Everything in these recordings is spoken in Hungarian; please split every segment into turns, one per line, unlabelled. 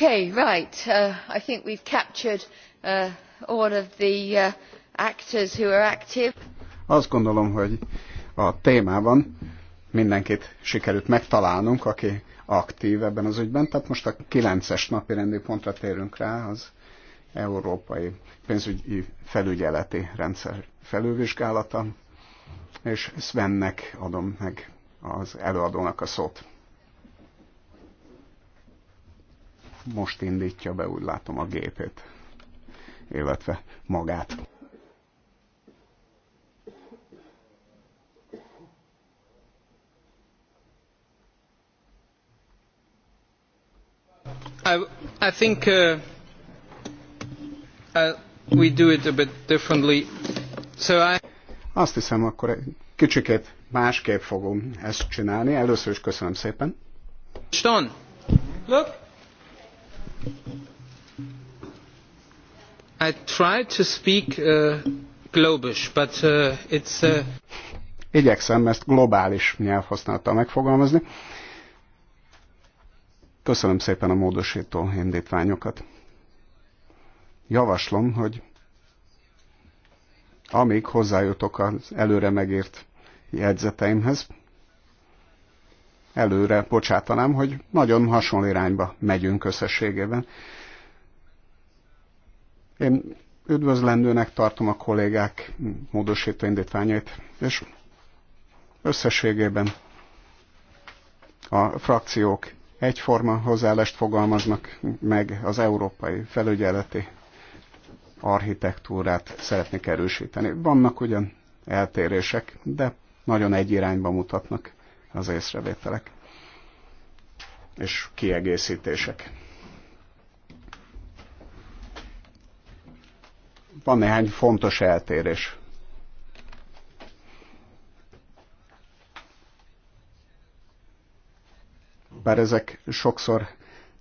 right. Uh, I think have captured uh, all of the uh, actors who are active.
Azt gondolom, hogy a témában mindenkit sikerült megtalálnunk, aki aktív ebben az ügyben. Tehát most a kilences napi rendi pontra térünk rá, az európai pénzügyi felügyeleti rendszer felülvizsgálata, és Svennek adom meg az előadónak a szót. most indítja be, úgy látom, a gépét, illetve magát. I, I think uh, uh, we do it a bit differently. So I... Azt hiszem, akkor egy kicsikét másképp fogom ezt csinálni. Először is köszönöm szépen.
Stone, look,
Igyekszem ezt globális nyelvhasználattal megfogalmazni. Köszönöm szépen a módosító indítványokat. Javaslom, hogy amíg hozzájutok az előre megért jegyzeteimhez, előre bocsátanám, hogy nagyon hasonló irányba megyünk összességében. Én üdvözlendőnek tartom a kollégák módosító indítványait, és összességében a frakciók egyforma hozzáállást fogalmaznak meg az európai felügyeleti architektúrát szeretnék erősíteni. Vannak ugyan eltérések, de nagyon egy irányba mutatnak az észrevételek és kiegészítések. Van néhány fontos eltérés. Bár ezek sokszor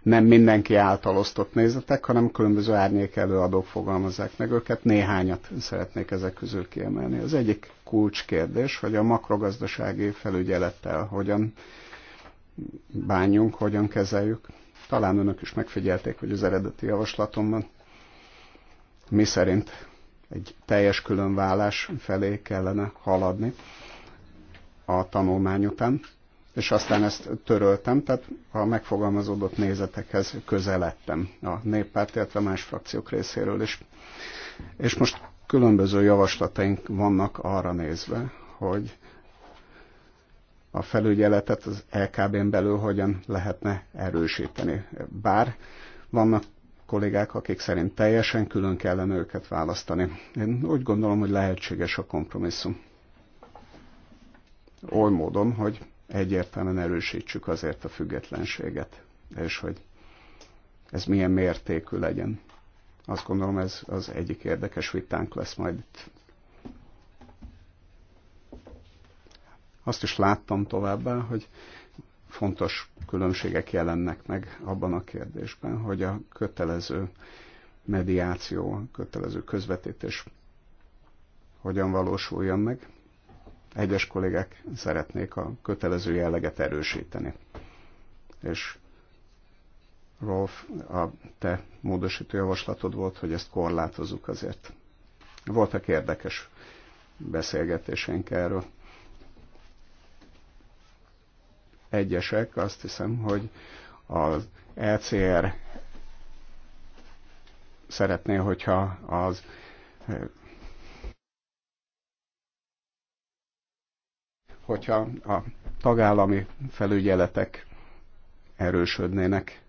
nem mindenki által osztott nézetek, hanem különböző árnyék előadók fogalmazzák meg őket. Néhányat szeretnék ezek közül kiemelni. Az egyik kulcskérdés, hogy a makrogazdasági felügyelettel hogyan bánjunk, hogyan kezeljük. Talán önök is megfigyelték, hogy az eredeti javaslatomban mi szerint egy teljes különvállás felé kellene haladni a tanulmány után, és aztán ezt töröltem, tehát a megfogalmazódott nézetekhez közeledtem a néppárt, illetve más frakciók részéről is. És most különböző javaslataink vannak arra nézve, hogy a felügyeletet az LKB-n belül hogyan lehetne erősíteni. Bár vannak kollégák, akik szerint teljesen külön kellene őket választani. Én úgy gondolom, hogy lehetséges a kompromisszum. Oly módon, hogy egyértelműen erősítsük azért a függetlenséget, és hogy ez milyen mértékű legyen. Azt gondolom ez az egyik érdekes vitánk lesz majd itt. Azt is láttam továbbá, hogy fontos különbségek jelennek meg abban a kérdésben, hogy a kötelező mediáció, a kötelező közvetítés hogyan valósuljon meg, egyes kollégek szeretnék a kötelező jelleget erősíteni. És Rolf, a te módosító javaslatod volt, hogy ezt korlátozzuk azért. Voltak érdekes beszélgetésénk erről. Egyesek azt hiszem, hogy az ECR szeretné, hogyha az hogyha a tagállami felügyeletek erősödnének.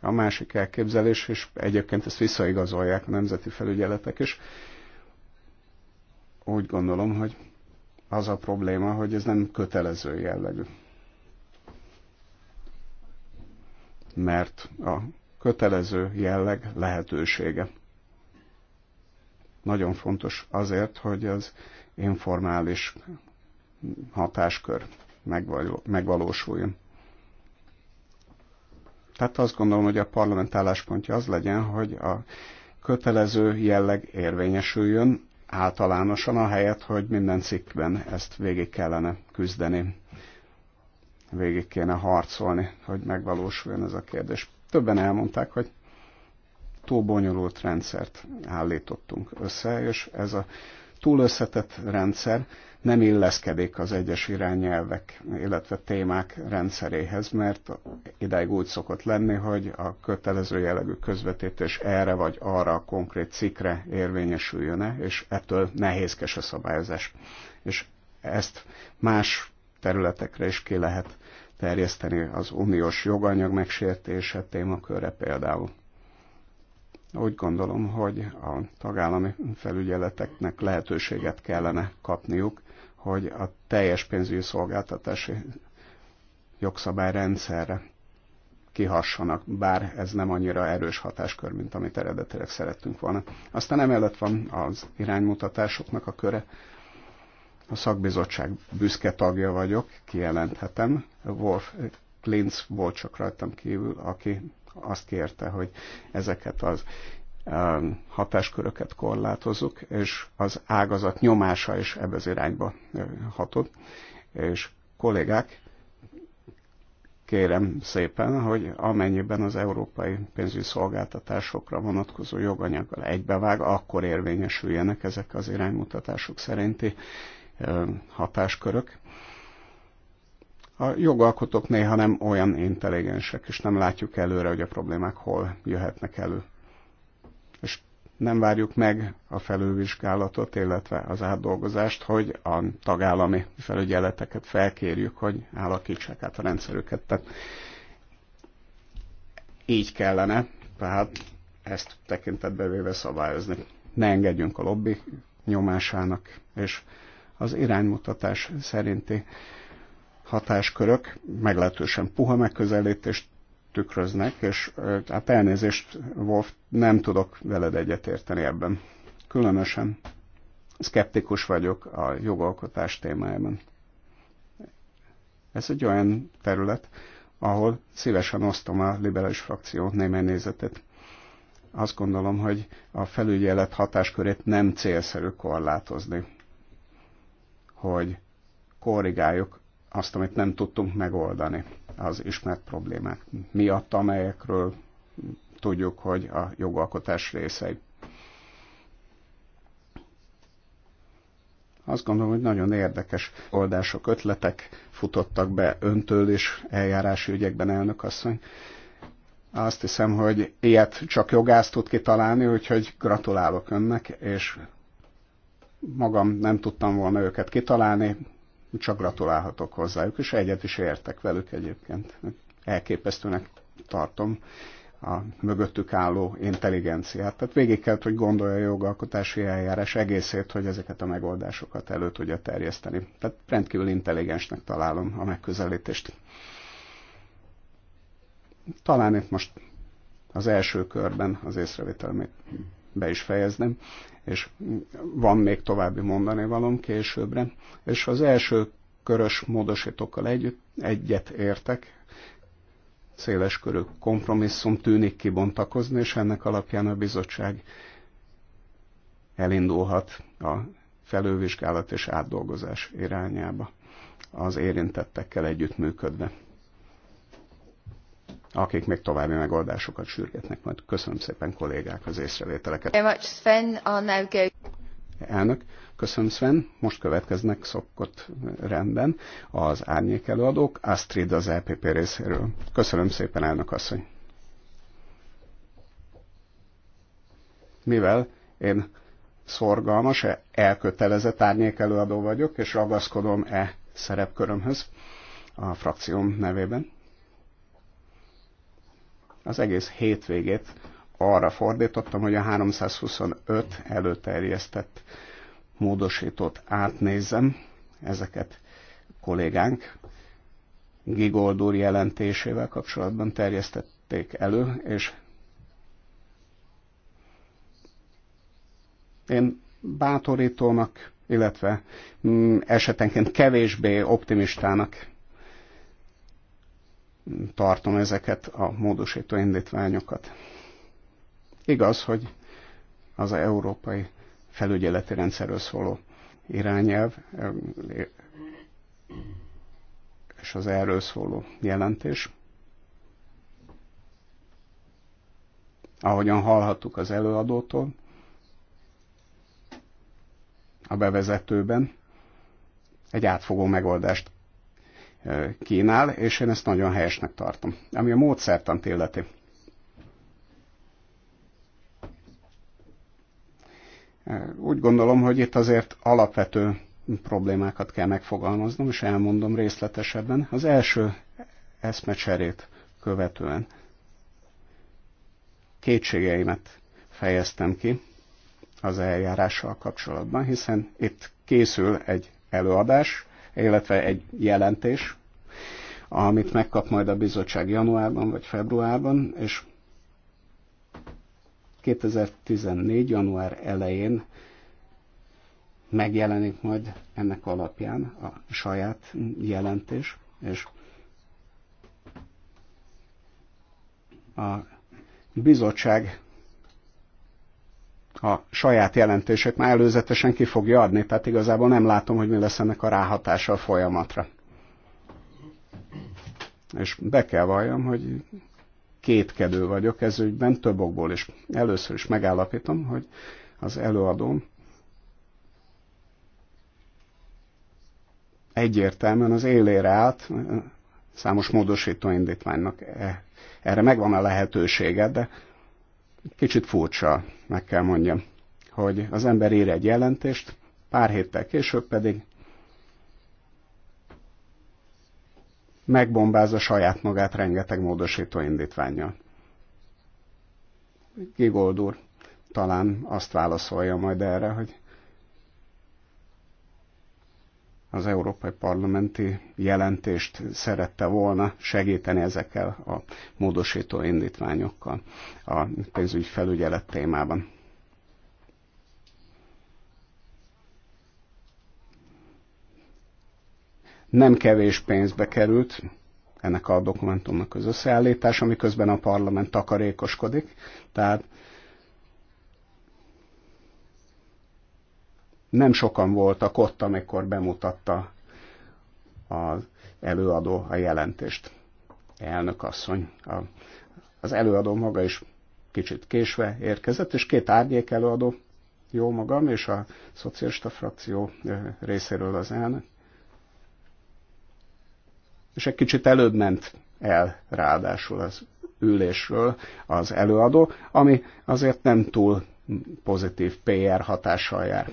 A másik elképzelés, és egyébként ezt visszaigazolják a nemzeti felügyeletek is, úgy gondolom, hogy az a probléma, hogy ez nem kötelező jellegű. Mert a kötelező jelleg lehetősége. Nagyon fontos azért, hogy az informális hatáskör megvalósuljon. Tehát azt gondolom, hogy a parlament álláspontja az legyen, hogy a kötelező jelleg érvényesüljön általánosan, ahelyett, hogy minden cikkben ezt végig kellene küzdeni, végig kéne harcolni, hogy megvalósuljon ez a kérdés. Többen elmondták, hogy túl bonyolult rendszert állítottunk össze, és ez a túl összetett rendszer, nem illeszkedik az egyes irányelvek, illetve témák rendszeréhez, mert idáig úgy szokott lenni, hogy a kötelező jellegű közvetítés erre vagy arra a konkrét cikre érvényesüljön-e, és ettől nehézkes a szabályozás. És ezt más területekre is ki lehet terjeszteni az uniós joganyag megsértése témakörre például úgy gondolom, hogy a tagállami felügyeleteknek lehetőséget kellene kapniuk, hogy a teljes pénzügyi szolgáltatási jogszabályrendszerre kihassanak, bár ez nem annyira erős hatáskör, mint amit eredetileg szerettünk volna. Aztán emellett van az iránymutatásoknak a köre. A szakbizottság büszke tagja vagyok, kijelenthetem. Wolf Klintz volt csak rajtam kívül, aki azt kérte, hogy ezeket az um, hatásköröket korlátozzuk, és az ágazat nyomása is ebbe az irányba hatod. És kollégák, kérem szépen, hogy amennyiben az európai pénzügyi szolgáltatásokra vonatkozó joganyaggal egybevág, akkor érvényesüljenek ezek az iránymutatások szerinti hatáskörök, a jogalkotók néha nem olyan intelligensek, és nem látjuk előre, hogy a problémák hol jöhetnek elő. És nem várjuk meg a felülvizsgálatot, illetve az átdolgozást, hogy a tagállami felügyeleteket felkérjük, hogy állakítsák át a rendszerüket. Tehát így kellene, tehát ezt tekintetbe véve szabályozni. Ne engedjünk a lobby nyomásának, és az iránymutatás szerinti hatáskörök meglehetősen puha megközelítést tükröznek, és hát elnézést, Wolf, nem tudok veled egyetérteni ebben. Különösen szkeptikus vagyok a jogalkotás témájában. Ez egy olyan terület, ahol szívesen osztom a liberális frakció némely nézetet. Azt gondolom, hogy a felügyelet hatáskörét nem célszerű korlátozni, hogy korrigáljuk azt, amit nem tudtunk megoldani az ismert problémák miatt, amelyekről tudjuk, hogy a jogalkotás részei. Azt gondolom, hogy nagyon érdekes oldások, ötletek futottak be öntől is eljárási ügyekben, elnök asszony. Azt hiszem, hogy ilyet csak jogász tud kitalálni, úgyhogy gratulálok önnek, és magam nem tudtam volna őket kitalálni, csak gratulálhatok hozzájuk, és egyet is értek velük egyébként. Elképesztőnek tartom a mögöttük álló intelligenciát. Tehát végig kellett, hogy gondolja a jogalkotási eljárás egészét, hogy ezeket a megoldásokat elő tudja terjeszteni. Tehát rendkívül intelligensnek találom a megközelítést. Talán itt most az első körben az észrevételmét be is fejezném és van még további mondani valom későbbre, és az első körös módosítókkal együtt egyet értek, széles körű kompromisszum tűnik kibontakozni, és ennek alapján a bizottság elindulhat a felővizsgálat és átdolgozás irányába az érintettekkel együttműködve akik még további megoldásokat sürgetnek majd. Köszönöm szépen kollégák az észrevételeket. Elnök, köszönöm Sven. Most következnek szokott rendben az árnyék előadók. Astrid az LPP e részéről. Köszönöm szépen, elnök asszony. Mivel én szorgalmas, e elkötelezett árnyék előadó vagyok, és ragaszkodom e szerepkörömhöz a frakcióm nevében az egész hétvégét arra fordítottam, hogy a 325 előterjesztett módosítót átnézzem, ezeket kollégánk Gigold úr jelentésével kapcsolatban terjesztették elő, és én bátorítónak, illetve mm, esetenként kevésbé optimistának tartom ezeket a módosító indítványokat. Igaz, hogy az európai felügyeleti rendszerről szóló irányelv és az erről szóló jelentés. Ahogyan hallhattuk az előadótól, a bevezetőben egy átfogó megoldást kínál, és én ezt nagyon helyesnek tartom. Ami a módszertant illeti. Úgy gondolom, hogy itt azért alapvető problémákat kell megfogalmaznom, és elmondom részletesebben. Az első eszmecserét követően kétségeimet fejeztem ki az eljárással kapcsolatban, hiszen itt készül egy előadás, illetve egy jelentés, amit megkap majd a bizottság januárban vagy februárban, és 2014. január elején megjelenik majd ennek alapján a saját jelentés, és a bizottság a saját jelentését már előzetesen ki fogja adni, tehát igazából nem látom, hogy mi lesz ennek a ráhatása a folyamatra. És be kell valljam, hogy kétkedő vagyok ez ügyben több okból is. Először is megállapítom, hogy az előadóm egyértelműen az élére állt számos módosító indítványnak. E- erre megvan a lehetősége, de kicsit furcsa, meg kell mondjam, hogy az ember ír egy jelentést, pár héttel később pedig megbombázza saját magát rengeteg módosító indítványjal. Gigold úr talán azt válaszolja majd erre, hogy az Európai Parlamenti jelentést szerette volna segíteni ezekkel a módosító indítványokkal a pénzügyi felügyelet témában. Nem kevés pénzbe került ennek a dokumentumnak az összeállítása, miközben a parlament takarékoskodik, tehát nem sokan voltak ott, amikor bemutatta az előadó a jelentést. Elnök asszony, a, az előadó maga is kicsit késve érkezett, és két árnyék előadó, jó magam és a szocialista frakció részéről az elnök. És egy kicsit előbb ment el ráadásul az ülésről az előadó, ami azért nem túl pozitív PR hatással jár.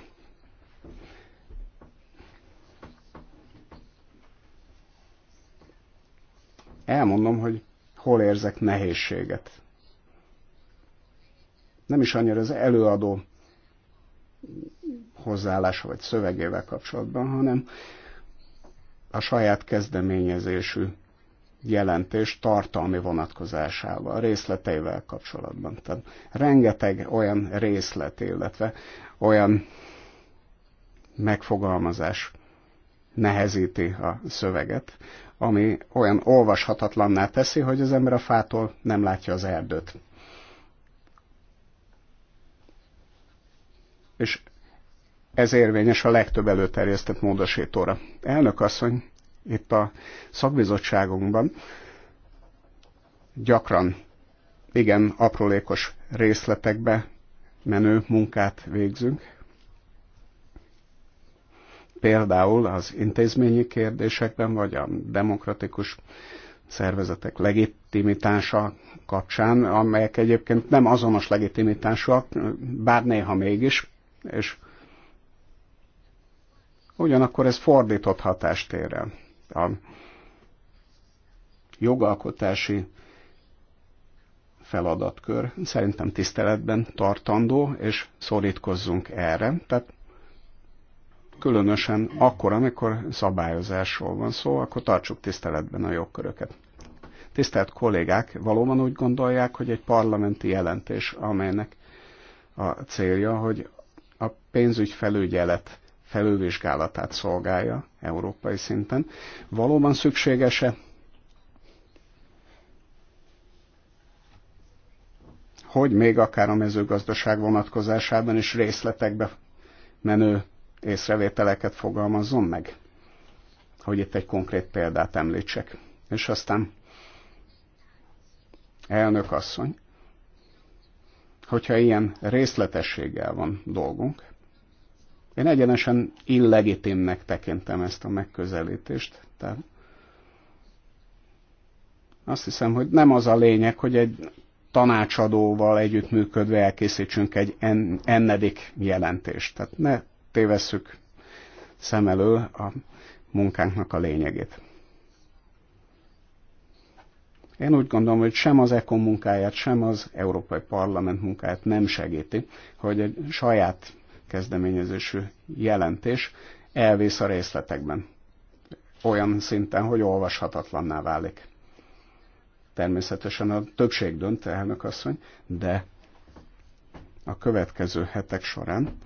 elmondom, hogy hol érzek nehézséget. Nem is annyira az előadó hozzáállása vagy szövegével kapcsolatban, hanem a saját kezdeményezésű jelentés tartalmi vonatkozásával, részleteivel kapcsolatban. Tehát rengeteg olyan részlet, illetve olyan megfogalmazás nehezíti a szöveget, ami olyan olvashatatlanná teszi, hogy az ember a fától nem látja az erdőt. És ez érvényes a legtöbb előterjesztett módosítóra. Elnök asszony, itt a szakbizottságunkban gyakran igen aprólékos részletekbe menő munkát végzünk, például az intézményi kérdésekben, vagy a demokratikus szervezetek legitimitása kapcsán, amelyek egyébként nem azonos legitimitásúak, bár néha mégis, és ugyanakkor ez fordított hatást ér el. A jogalkotási feladatkör szerintem tiszteletben tartandó, és szorítkozzunk erre. Tehát különösen akkor, amikor szabályozásról van szó, akkor tartsuk tiszteletben a jogköröket. Tisztelt kollégák, valóban úgy gondolják, hogy egy parlamenti jelentés, amelynek a célja, hogy a pénzügy felügyelet felülvizsgálatát szolgálja európai szinten, valóban szükséges-e hogy még akár a mezőgazdaság vonatkozásában is részletekbe menő észrevételeket fogalmazzon meg, hogy itt egy konkrét példát említsek. És aztán elnök asszony, hogyha ilyen részletességgel van dolgunk, én egyenesen illegitimnek tekintem ezt a megközelítést. Tehát azt hiszem, hogy nem az a lényeg, hogy egy tanácsadóval együttműködve elkészítsünk egy ennedik jelentést. Tehát ne tévesszük szem elől a munkánknak a lényegét. Én úgy gondolom, hogy sem az ECO munkáját, sem az Európai Parlament munkáját nem segíti, hogy egy saját kezdeményezésű jelentés elvész a részletekben. Olyan szinten, hogy olvashatatlanná válik. Természetesen a többség dönt, elnök asszony, de a következő hetek során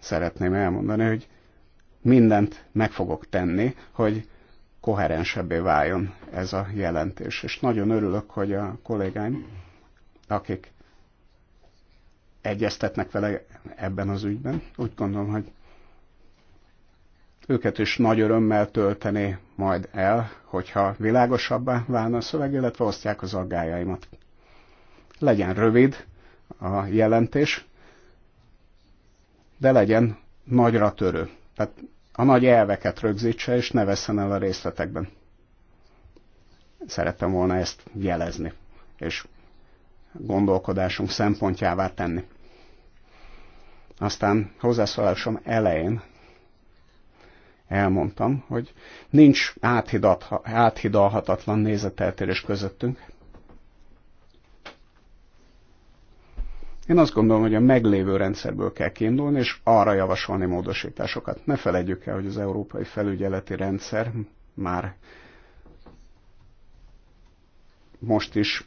szeretném elmondani, hogy mindent meg fogok tenni, hogy koherensebbé váljon ez a jelentés. És nagyon örülök, hogy a kollégáim, akik egyeztetnek vele ebben az ügyben, úgy gondolom, hogy őket is nagy örömmel tölteni majd el, hogyha világosabbá válna a szöveg, illetve osztják az aggájaimat. Legyen rövid a jelentés, de legyen nagyra törő. Tehát a nagy elveket rögzítse, és ne veszen el a részletekben. Szerettem volna ezt jelezni, és gondolkodásunk szempontjává tenni. Aztán hozzászólásom elején elmondtam, hogy nincs áthidalhatatlan nézeteltérés közöttünk, Én azt gondolom, hogy a meglévő rendszerből kell kiindulni, és arra javasolni módosításokat. Ne felejtjük el, hogy az európai felügyeleti rendszer már most is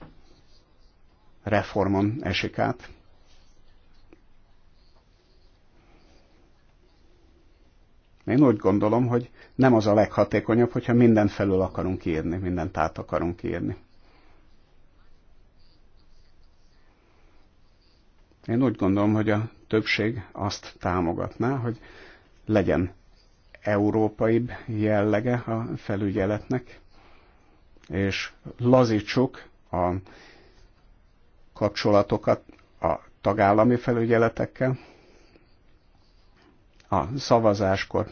reformon esik át. Én úgy gondolom, hogy nem az a leghatékonyabb, hogyha minden felül akarunk írni, mindent át akarunk írni. Én úgy gondolom, hogy a többség azt támogatná, hogy legyen európaibb jellege a felügyeletnek, és lazítsuk a kapcsolatokat a tagállami felügyeletekkel. A szavazáskor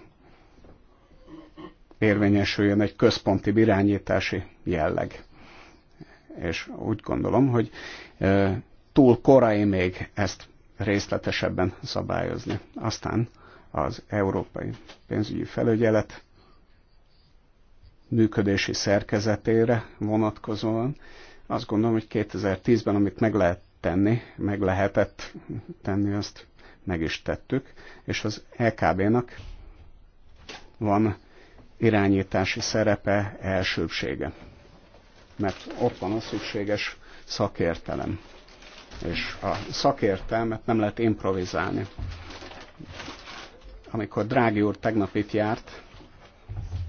érvényesüljön egy központi irányítási jelleg. És úgy gondolom, hogy túl korai még ezt részletesebben szabályozni. Aztán az Európai Pénzügyi Felügyelet működési szerkezetére vonatkozóan azt gondolom, hogy 2010-ben, amit meg lehet tenni, meg lehetett tenni, azt meg is tettük, és az LKB-nak e van irányítási szerepe, elsőbsége. Mert ott van a szükséges szakértelem és a szakértelmet nem lehet improvizálni. Amikor Drági úr tegnap itt járt,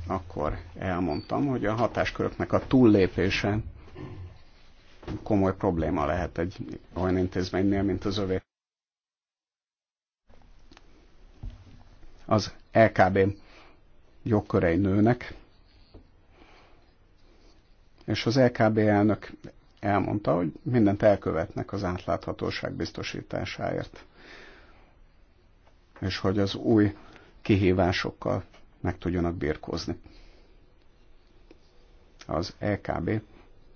akkor elmondtam, hogy a hatásköröknek a túllépése komoly probléma lehet egy olyan intézménynél, mint az övé. Az LKB jogkörei nőnek, és az LKB elnök elmondta, hogy mindent elkövetnek az átláthatóság biztosításáért. És hogy az új kihívásokkal meg tudjanak birkózni. Az EKB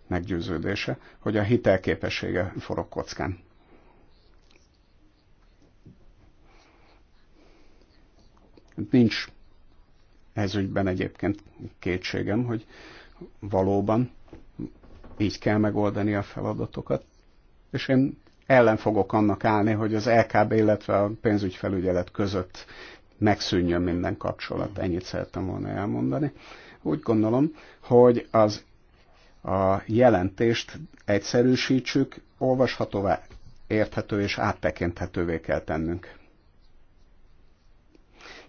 meggyőződése, hogy a hitelképessége forog kockán. Nincs ez ügyben egyébként kétségem, hogy valóban így kell megoldani a feladatokat. És én ellen fogok annak állni, hogy az LKB, illetve a pénzügyfelügyelet között megszűnjön minden kapcsolat. Ennyit szerettem volna elmondani. Úgy gondolom, hogy az a jelentést egyszerűsítsük, olvashatóvá, érthető és áttekinthetővé kell tennünk.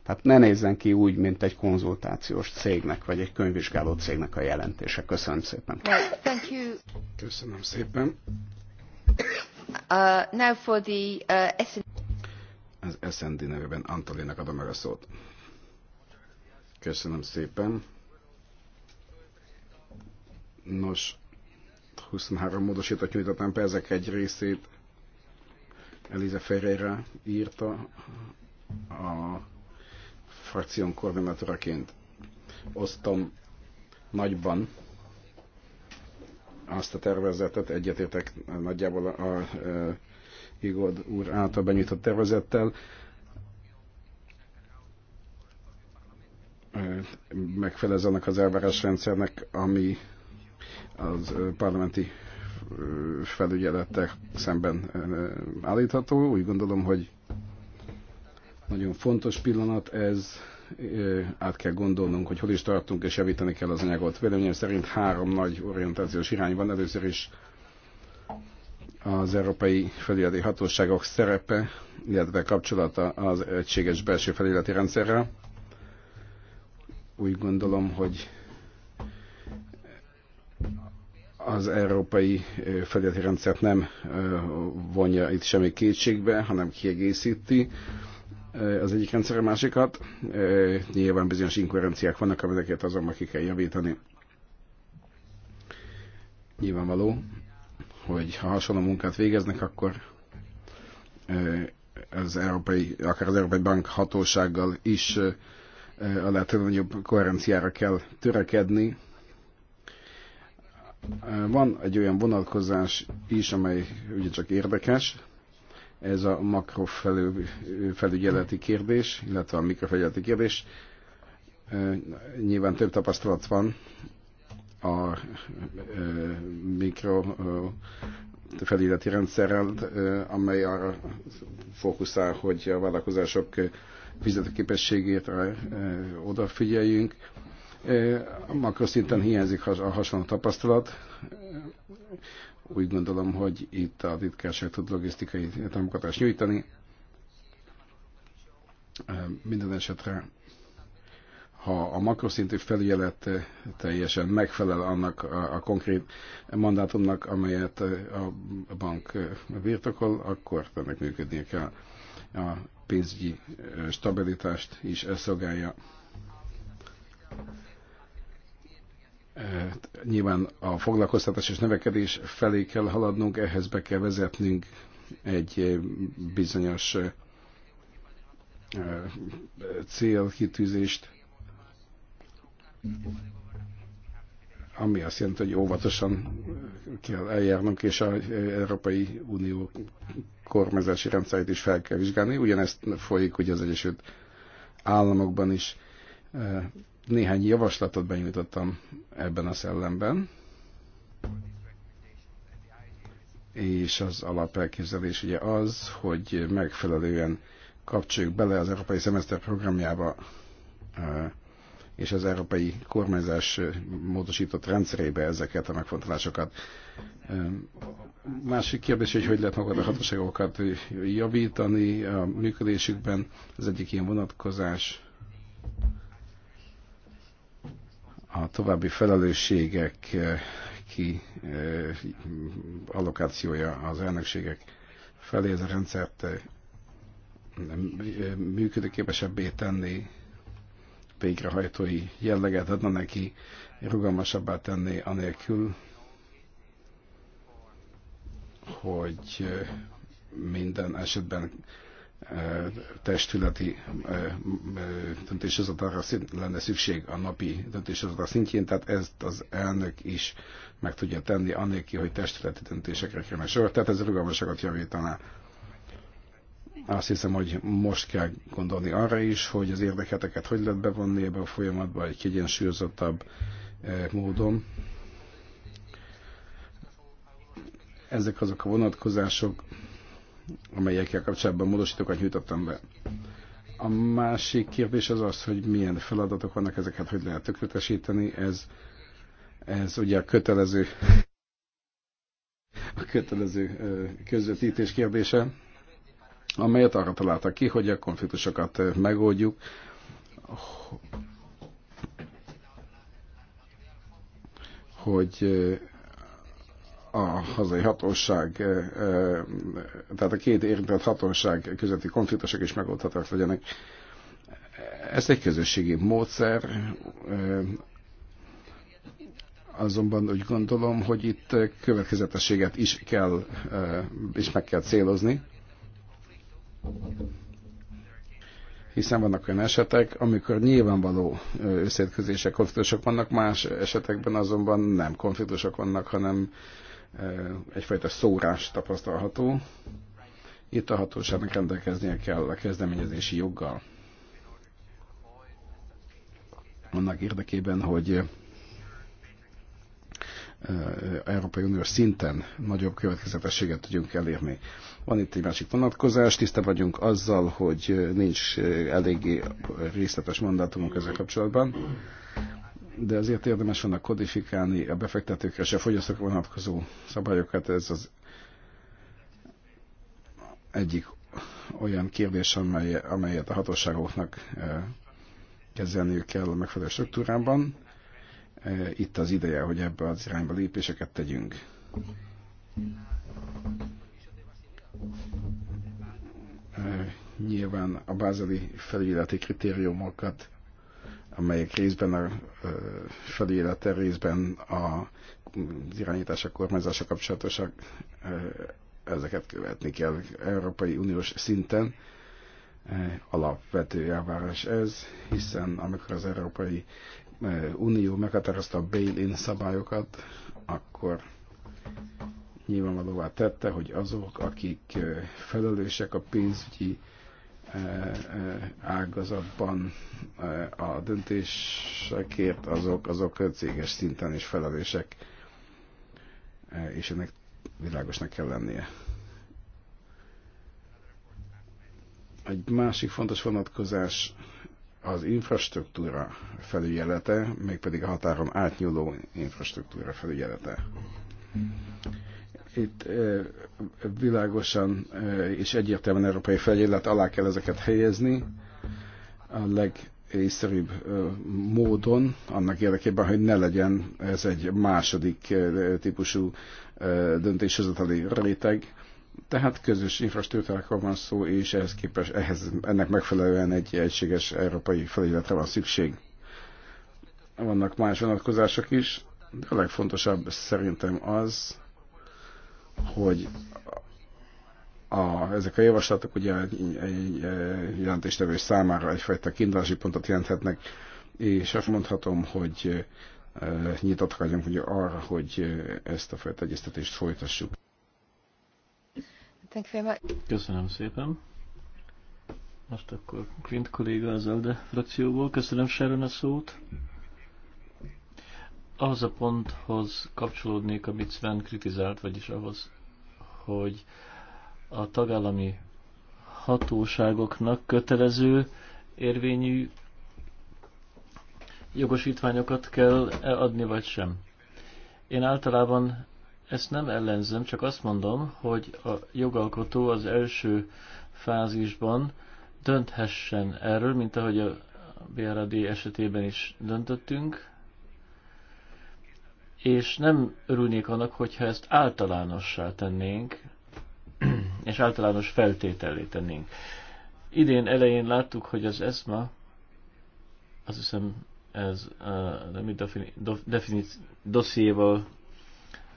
Tehát ne nézzen ki úgy, mint egy konzultációs cégnek, vagy egy könyvvizsgáló cégnek a jelentése. Köszönöm szépen.
Thank you.
Köszönöm szépen.
Uh, now for the, uh, SND.
Az SND nevében Antolinak adom meg a szót. Köszönöm szépen. Nos, 23 módosított nyújtottam be, ezek egy részét Elisa Ferreira írta a frakción koordinátoraként osztom nagyban azt a tervezetet, egyetértek nagyjából a, a, a Igod úr által benyújtott tervezettel. Megfelez annak az elvárásrendszernek, ami az parlamenti felügyelettel szemben állítható. Úgy gondolom, hogy nagyon fontos pillanat ez, át kell gondolnunk, hogy hol is tartunk, és javítani kell az anyagot. Véleményem szerint három nagy orientációs irány van. Először is az Európai Felületi Hatóságok szerepe, illetve kapcsolata az egységes belső felületi rendszerrel. Úgy gondolom, hogy az európai felületi rendszert nem vonja itt semmi kétségbe, hanem kiegészíti az egyik rendszer a másikat. Nyilván bizonyos inkoherenciák vannak, amelyeket azonban ki kell javítani. Nyilvánvaló, hogy ha hasonló munkát végeznek, akkor az európai, akár az Európai Bank hatósággal is a lehető nagyobb koherenciára kell törekedni. Van egy olyan vonatkozás is, amely csak érdekes, ez a makrofelügyeleti kérdés, illetve a mikrofelügyeleti kérdés. Nyilván több tapasztalat van a mikrofelügyeleti rendszerrel, amely arra fókuszál, hogy a vállalkozások fizetőképességét odafigyeljünk. Makroszinten hiányzik a hasonló tapasztalat. Úgy gondolom, hogy itt a titkárság tud logisztikai támogatást nyújtani. Minden esetre, ha a makroszintű felügyelet teljesen megfelel annak a, a konkrét mandátumnak, amelyet a bank birtokol, akkor ennek működnie kell. A pénzügyi stabilitást is elszolgálja. Eh, nyilván a foglalkoztatás és növekedés felé kell haladnunk, ehhez be kell vezetnünk egy eh, bizonyos eh, célkitűzést, ami azt jelenti, hogy óvatosan kell eljárnunk, és az Európai Unió kormányzási rendszerét is fel kell vizsgálni. Ugyanezt folyik ugye az Egyesült Államokban is néhány javaslatot benyújtottam ebben a szellemben, és az alapelképzelés ugye az, hogy megfelelően kapcsoljuk bele az Európai Szemeszter programjába és az európai kormányzás módosított rendszerébe ezeket a megfontolásokat. Másik kérdés, hogy hogy lehet magad a hatóságokat javítani a működésükben. Az egyik ilyen vonatkozás a további felelősségek eh, ki eh, allokációja az elnökségek felé ez a rendszert eh, működőképesebbé tenni, végrehajtói jelleget adna neki, rugalmasabbá tenni anélkül, hogy minden esetben testületi döntéshozatalra lenne szükség a napi döntéshozatal szintjén, tehát ezt az elnök is meg tudja tenni, annélkül, hogy testületi döntésekre kerülne sor, tehát ez a javítaná. Azt hiszem, hogy most kell gondolni arra is, hogy az érdeketeket hogy lehet bevonni ebbe a folyamatba egy kiegyensúlyozottabb módon. Ezek azok a vonatkozások, amelyekkel kapcsolatban módosítókat nyújtottam be. A másik kérdés az az, hogy milyen feladatok vannak ezeket, hogy lehet tökéletesíteni. Ez, ez ugye a kötelező, a kötelező közvetítés kérdése, amelyet arra találtak ki, hogy a konfliktusokat megoldjuk, hogy a hazai hatóság, e, e, tehát a két érintett hatóság közötti konfliktusok is megoldhatók legyenek. Ez egy közösségi módszer, e, azonban úgy gondolom, hogy itt következetességet is kell, is meg kell célozni. Hiszen vannak olyan esetek, amikor nyilvánvaló összeütközések, konfliktusok vannak, más esetekben azonban nem konfliktusok vannak, hanem Eh, egyfajta szórás tapasztalható. Itt a hatóságnak rendelkeznie kell a kezdeményezési joggal. Annak érdekében, hogy eh, Európai Unió szinten nagyobb következetességet tudjunk elérni. Van itt egy másik vonatkozás, tiszta vagyunk azzal, hogy eh, nincs eléggé részletes mandátumunk ezzel kapcsolatban de azért érdemes vannak kodifikálni a befektetőkre és a fogyasztókra vonatkozó szabályokat. Ez az egyik olyan kérdés, amely, amelyet a hatóságoknak eh, kezelniük kell a megfelelő struktúrában. Eh, itt az ideje, hogy ebbe az irányba lépéseket tegyünk. Eh, nyilván a bázeli felügyeleti kritériumokat amelyek részben a felélete, részben a az irányítása, kormányzása kapcsolatosak, ezeket követni kell Európai Uniós szinten. Alapvető elvárás ez, hiszen amikor az Európai Unió meghatározta a bail-in szabályokat, akkor nyilvánvalóvá tette, hogy azok, akik felelősek a pénzügyi ágazatban a döntésekért azok, azok céges szinten is felelősek, és ennek világosnak kell lennie. Egy másik fontos vonatkozás az infrastruktúra felügyelete, mégpedig a határon átnyúló infrastruktúra felügyelete itt világosan és egyértelműen európai felügyelet alá kell ezeket helyezni a legészszerűbb módon, annak érdekében, hogy ne legyen ez egy második típusú döntéshozatali réteg. Tehát közös infrastruktúrákkal van szó, és ehhez képest, ehhez, ennek megfelelően egy egységes európai felületre van szükség. Vannak más vonatkozások is, de a legfontosabb szerintem az, hogy a, ezek a javaslatok ugye egy, egy jelentéstevő számára egyfajta kiindulási pontot jelenthetnek, és azt mondhatom, hogy nyitottak vagyunk ugye arra, hogy ezt a fajta egyeztetést folytassuk. Köszönöm szépen. Most
akkor Quint kolléga az ELDE frakcióból. Köszönöm Sharon a szót ahhoz a ponthoz kapcsolódnék, amit Sven kritizált, vagyis ahhoz, hogy a tagállami hatóságoknak kötelező érvényű jogosítványokat kell adni, vagy sem. Én általában ezt nem ellenzem, csak azt mondom, hogy a jogalkotó az első fázisban dönthessen erről, mint ahogy a BRD esetében is döntöttünk, és nem örülnék annak, hogyha ezt általánossá tennénk, és általános feltételé tennénk. Idén elején láttuk, hogy az ESMA, azt hiszem ez a mi dossziéval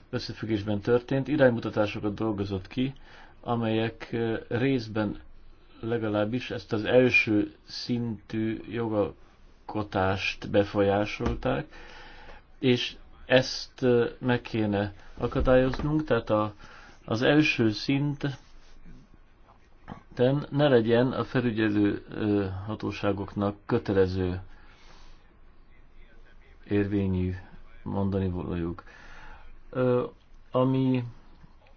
összefüggésben történt, iránymutatásokat dolgozott ki, amelyek részben legalábbis ezt az első szintű jogalkotást befolyásolták, és ezt meg kéne akadályoznunk, tehát a, az első szinten ne legyen a felügyelő hatóságoknak kötelező érvényű mondani valójuk. Ami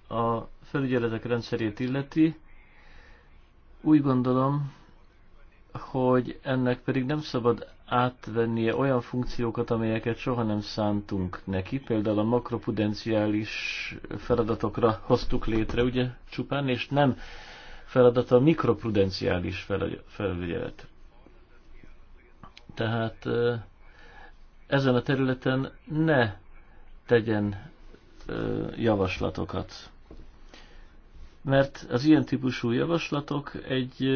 a felügyeletek rendszerét illeti, úgy gondolom, hogy ennek pedig nem szabad átvennie olyan funkciókat, amelyeket soha nem szántunk neki. Például a makropudenciális feladatokra hoztuk létre, ugye csupán, és nem feladata a mikroprudenciális felügyelet. Tehát ezen a területen ne tegyen javaslatokat. Mert az ilyen típusú javaslatok egy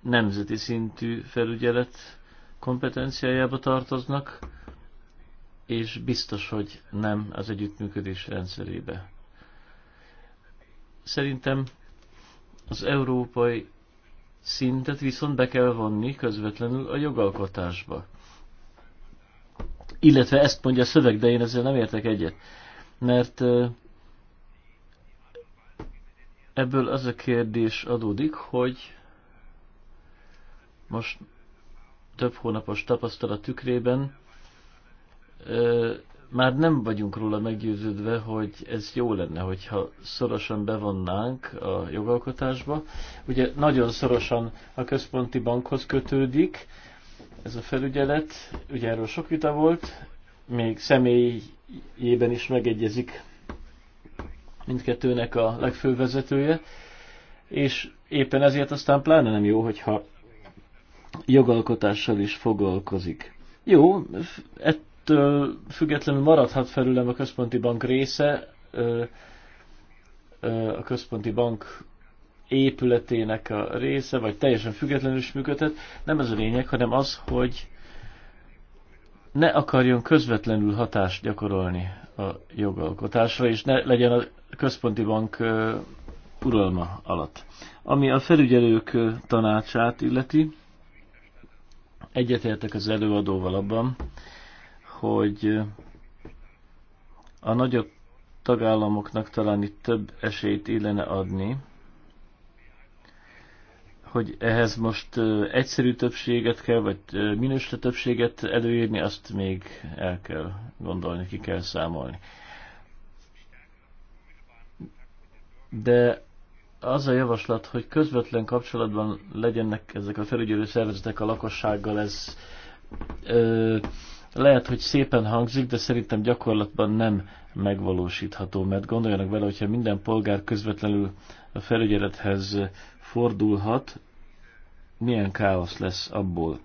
nemzeti szintű felügyelet kompetenciájába tartoznak, és biztos, hogy nem az együttműködés rendszerébe. Szerintem az európai szintet viszont be kell vonni közvetlenül a jogalkotásba. Illetve ezt mondja a szöveg, de én ezzel nem értek egyet. Mert ebből az a kérdés adódik, hogy most több hónapos tapasztalat tükrében már nem vagyunk róla meggyőződve, hogy ez jó lenne, hogyha szorosan bevonnánk a jogalkotásba. Ugye nagyon szorosan a központi bankhoz kötődik ez a felügyelet, ugye erről sok vita volt, még személyében is megegyezik mindkettőnek a legfőbb vezetője, és éppen ezért aztán pláne nem jó, hogyha jogalkotással is foglalkozik. Jó, ettől függetlenül maradhat felülem a központi bank része, a központi bank épületének a része, vagy teljesen függetlenül is működhet. Nem ez a lényeg, hanem az, hogy ne akarjon közvetlenül hatást gyakorolni a jogalkotásra, és ne legyen a központi bank uralma alatt. Ami a felügyelők tanácsát illeti, Egyetértek az előadóval abban, hogy a nagyobb tagállamoknak talán itt több esélyt illene adni, hogy ehhez most egyszerű többséget kell, vagy minősre többséget előírni, azt még el kell gondolni, ki kell számolni. De az a javaslat, hogy közvetlen kapcsolatban legyenek ezek a felügyelő szervezetek a lakossággal, ez ö, lehet, hogy szépen hangzik, de szerintem gyakorlatban nem megvalósítható, mert gondoljanak bele, hogyha minden polgár közvetlenül a felügyelethez fordulhat, milyen káosz lesz abból,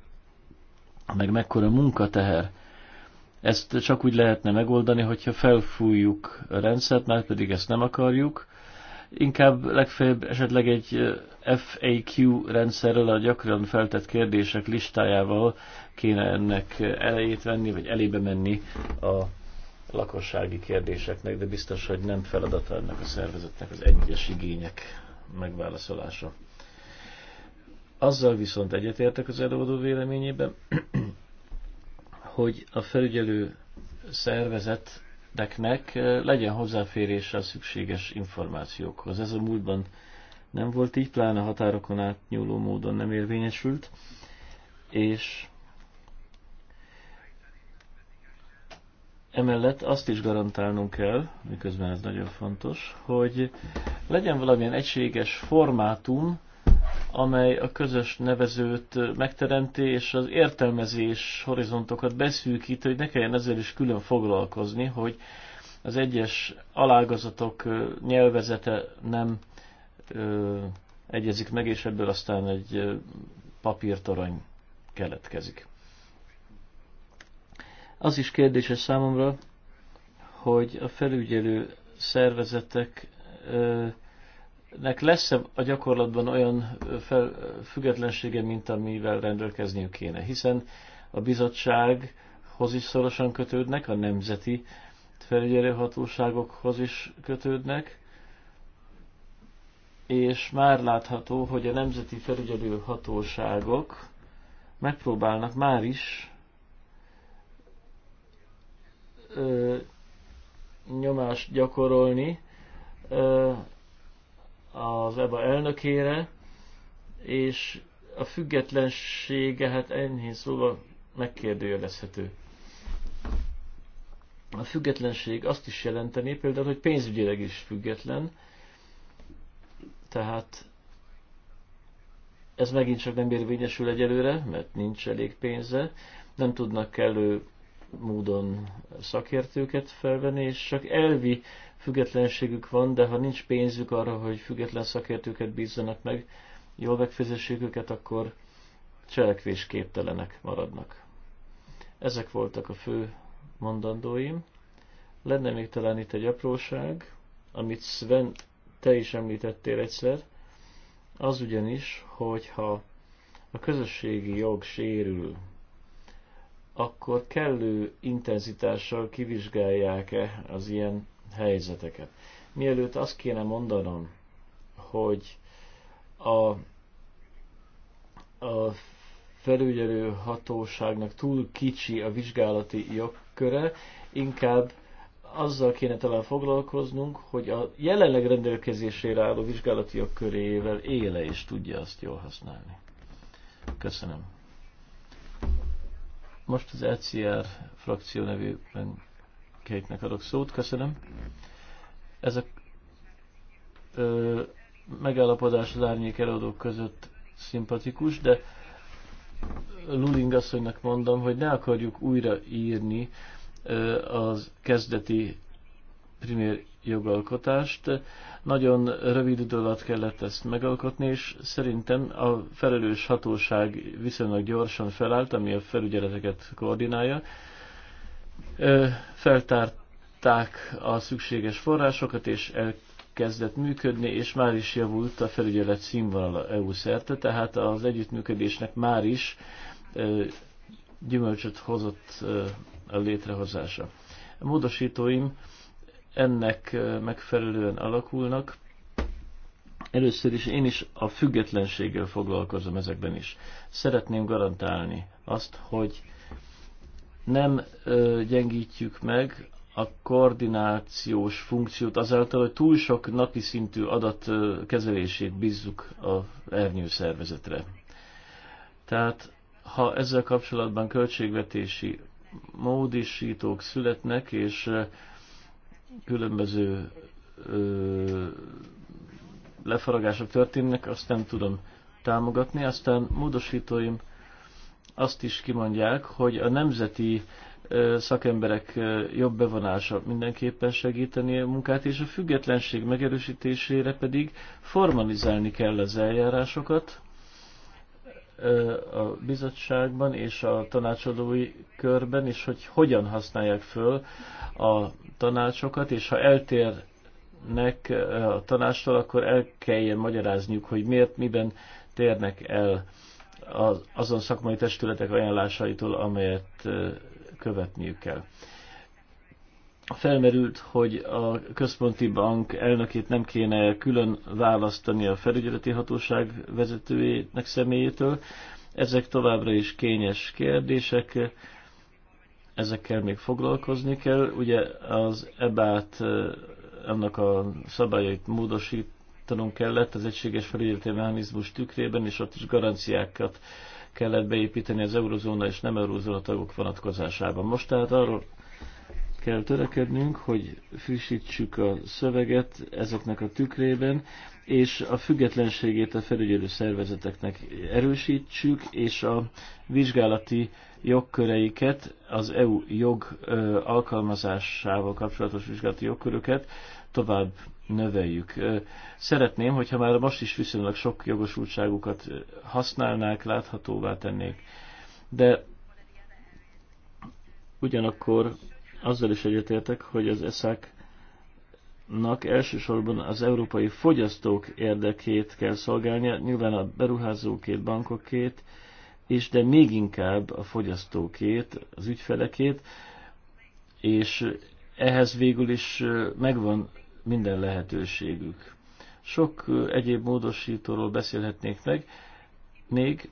meg mekkora munkateher. Ezt csak úgy lehetne megoldani, hogyha felfújjuk a rendszert, már pedig ezt nem akarjuk, inkább legfeljebb esetleg egy eh, FAQ rendszerrel, a gyakran feltett kérdések listájával kéne ennek eh, elejét venni, vagy elébe menni a lakossági kérdéseknek, de biztos, hogy nem feladata ennek a szervezetnek az egyes igények megválaszolása. Azzal viszont egyetértek az előadó véleményében, hogy a felügyelő szervezet érdekeltnek legyen hozzáférése a szükséges információkhoz. Ez a múltban nem volt így, pláne határokon átnyúló módon nem érvényesült, és emellett azt is garantálnunk kell, miközben ez nagyon fontos, hogy legyen valamilyen egységes formátum amely a közös nevezőt megteremti, és az értelmezés horizontokat beszűkít, hogy ne kelljen ezzel is külön foglalkozni, hogy az egyes alágazatok nyelvezete nem ö, egyezik meg, és ebből aztán egy papírtorony keletkezik. Az is kérdéses számomra, hogy a felügyelő szervezetek ö, nek lesz -e a gyakorlatban olyan fel, függetlensége, mint amivel rendelkezniük kéne, hiszen a bizottsághoz is szorosan kötődnek, a nemzeti felügyelőhatóságokhoz is kötődnek, és már látható, hogy a nemzeti felügyelőhatóságok megpróbálnak már is ö, nyomást gyakorolni, ö, az EBA elnökére, és a függetlensége, hát enyhén szóval megkérdőjelezhető. A függetlenség azt is jelenteni, például, hogy pénzügyileg is független, tehát ez megint csak nem érvényesül egyelőre, mert nincs elég pénze, nem tudnak kellő módon szakértőket felvenni, és csak elvi függetlenségük van, de ha nincs pénzük arra, hogy független szakértőket bízzanak meg, jól megfizessék őket, akkor cselekvésképtelenek maradnak. Ezek voltak a fő mondandóim. Lenne még talán itt egy apróság, amit Sven, te is említettél egyszer, az ugyanis, hogyha a közösségi jog sérül, akkor kellő intenzitással kivizsgálják-e az ilyen helyzeteket. Mielőtt azt kéne mondanom, hogy a, a felügyelő hatóságnak túl kicsi a vizsgálati jogköre, inkább azzal kéne talán foglalkoznunk, hogy a jelenleg rendelkezésére álló vizsgálati jogkörével éle és tudja azt jól használni. Köszönöm. Most az ECR frakció nevében Kéknek adok szót, köszönöm. Ez a ö, megállapodás az árnyék előadók között szimpatikus, de Luling asszonynak mondom, hogy ne akarjuk újraírni ö, az kezdeti primér jogalkotást. Nagyon rövid idő alatt kellett ezt megalkotni, és szerintem a felelős hatóság viszonylag gyorsan felállt, ami a felügyeleteket koordinálja, feltárták a szükséges forrásokat, és elkezdett működni, és már is javult a felügyelet színvonala EU szerte, tehát az együttműködésnek már is gyümölcsöt hozott a létrehozása. A módosítóim ennek megfelelően alakulnak. Először is én is a függetlenséggel foglalkozom ezekben is. Szeretném garantálni azt, hogy nem ö, gyengítjük meg a koordinációs funkciót azáltal, hogy túl sok napi szintű adat kezelését bízzuk a ernyő szervezetre. Tehát ha ezzel kapcsolatban költségvetési módisítók születnek, és különböző ö, lefaragások történnek, azt nem tudom támogatni. Aztán módosítóim azt is kimondják, hogy a nemzeti szakemberek jobb bevonása mindenképpen segíteni a munkát, és a függetlenség megerősítésére pedig formalizálni kell az eljárásokat a bizottságban és a tanácsadói körben, és hogy hogyan használják föl a tanácsokat, és ha eltér a tanástól, akkor el kelljen magyarázniuk, hogy miért, miben térnek el az, azon szakmai testületek ajánlásaitól, amelyet követniük kell. Felmerült, hogy a központi bank elnökét nem kéne külön választani a felügyeleti hatóság vezetőjének személyétől. Ezek továbbra is kényes kérdések, ezekkel még foglalkozni kell. Ugye az EBÁT annak a szabályait módosít javítanunk kellett az egységes felügyeleti mechanizmus tükrében, és ott is garanciákat kellett beépíteni az eurozóna és nem eurozóna tagok vonatkozásában. Most tehát arról kell törekednünk, hogy frissítsük a szöveget ezeknek a tükrében, és a függetlenségét a felügyelő szervezeteknek erősítsük, és a vizsgálati jogköreiket, az EU jog alkalmazásával kapcsolatos vizsgálati jogköröket tovább növeljük. Szeretném, hogyha már most is viszonylag sok jogosultságukat használnák, láthatóvá tennék. De ugyanakkor azzal is egyetértek, hogy az ESZÁK-nak elsősorban az európai fogyasztók érdekét kell szolgálnia, nyilván a beruházókét, bankokét, és de még inkább a fogyasztókét, az ügyfelekét, és ehhez végül is megvan minden lehetőségük. Sok egyéb módosítóról beszélhetnék meg, még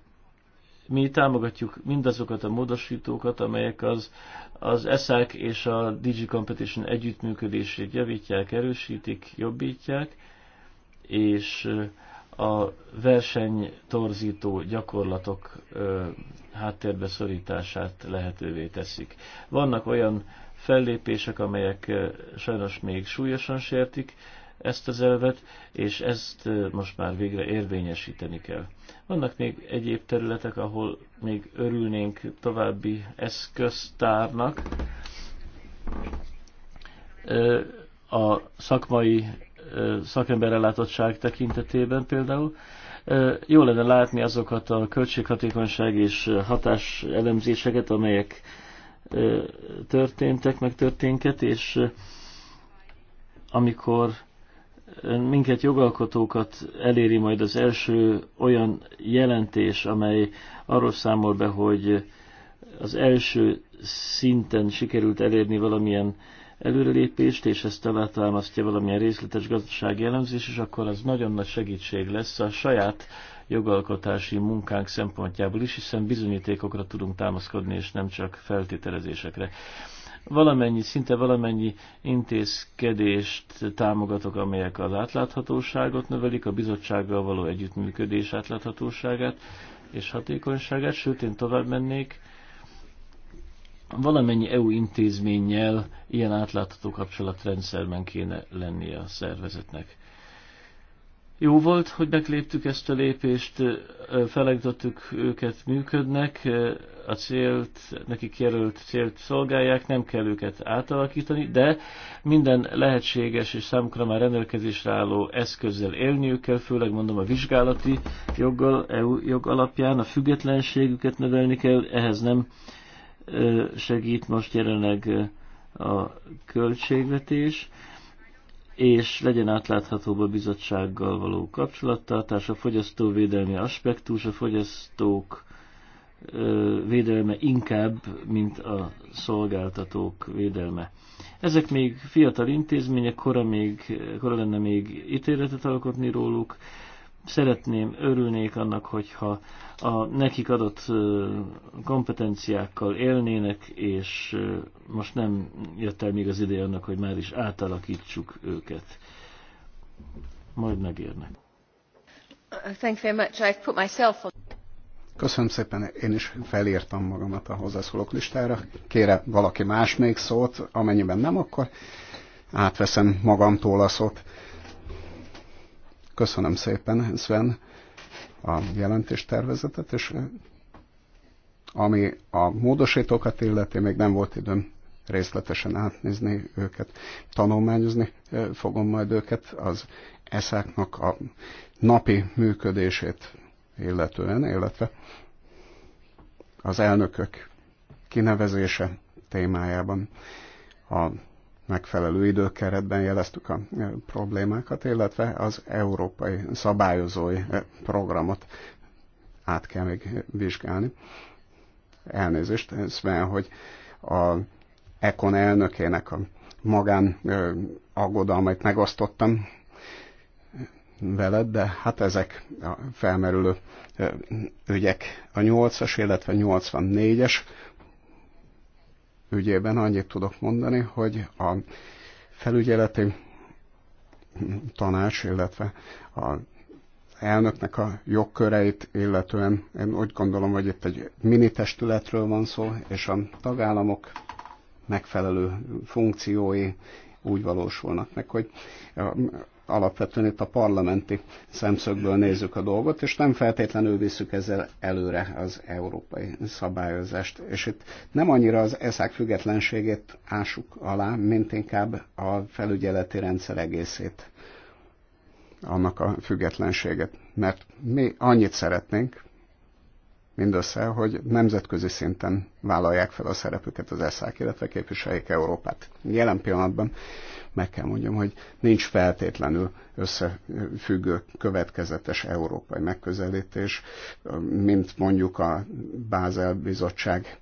mi támogatjuk mindazokat a módosítókat, amelyek az, az ESAC és a Digi Competition együttműködését javítják, erősítik, jobbítják, és a versenytorzító gyakorlatok háttérbe szorítását lehetővé teszik. Vannak olyan fellépések, amelyek sajnos még súlyosan sértik ezt az elvet, és ezt most már végre érvényesíteni kell. Vannak még egyéb területek, ahol még örülnénk további eszköztárnak. A szakmai szakemberrelátottság tekintetében például. Jó lenne látni azokat a költséghatékonyság és hatás elemzéseket, amelyek történtek, meg történket, és amikor minket jogalkotókat eléri majd az első olyan jelentés, amely arról számol be, hogy az első szinten sikerült elérni valamilyen előrelépést, és ezt alátámasztja valamilyen részletes gazdasági elemzés, és akkor az nagyon nagy segítség lesz a saját jogalkotási munkánk szempontjából is, hiszen bizonyítékokra tudunk támaszkodni, és nem csak feltételezésekre. Valamennyi, szinte valamennyi intézkedést támogatok, amelyek az átláthatóságot növelik, a bizottsággal való együttműködés átláthatóságát és hatékonyságát, sőt én tovább mennék, valamennyi EU intézménnyel ilyen átlátható kapcsolatrendszerben kéne lennie a szervezetnek. Jó volt, hogy megléptük ezt a lépést, felegdottuk őket, működnek, a célt, nekik jelölt célt szolgálják, nem kell őket átalakítani, de minden lehetséges és számukra már rendelkezésre álló eszközzel élniük kell, főleg mondom a vizsgálati joggal, EU jog alapján a függetlenségüket növelni kell, ehhez nem segít most jelenleg a költségvetés és legyen átláthatóbb a bizottsággal való kapcsolattartás, a fogyasztóvédelmi aspektus, a fogyasztók védelme inkább, mint a szolgáltatók védelme. Ezek még fiatal intézmények, kora, még, kora lenne még ítéletet alkotni róluk, szeretném, örülnék annak, hogyha a nekik adott kompetenciákkal élnének, és most nem jött el még az ideje annak, hogy már is átalakítsuk őket. Majd megérnek. Köszönöm szépen,
én is felírtam magamat a hozzászólók listára. Kére valaki más még szót, amennyiben nem, akkor átveszem magamtól a szót. Köszönöm szépen, Sven, a jelentéstervezetet, és ami a módosítókat illeti, még nem volt időm részletesen átnézni őket, tanulmányozni fogom majd őket, az eszáknak a napi működését illetően, illetve az elnökök kinevezése témájában a megfelelő időkeretben jeleztük a e, problémákat, illetve az európai szabályozói e, programot át kell még vizsgálni. Elnézést, Sven, hogy a econ elnökének a magán e, aggodalmait megosztottam veled, de hát ezek a felmerülő ügyek a 8-as, illetve 84-es ügyében annyit tudok mondani, hogy a felügyeleti tanács, illetve a elnöknek a jogköreit illetően én úgy gondolom, hogy itt egy mini testületről van szó, és a tagállamok megfelelő funkciói úgy valósulnak meg, hogy alapvetően itt a parlamenti szemszögből nézzük a dolgot, és nem feltétlenül visszük ezzel előre az európai szabályozást. És itt nem annyira az eszák függetlenségét ásuk alá, mint inkább a felügyeleti rendszer egészét, annak a függetlenséget. Mert mi annyit szeretnénk, mindössze, hogy nemzetközi szinten vállalják fel a szerepüket az eszák, illetve képviseljék Európát. Jelen pillanatban meg kell mondjam, hogy nincs feltétlenül összefüggő következetes európai megközelítés, mint mondjuk a Bázel Bizottság.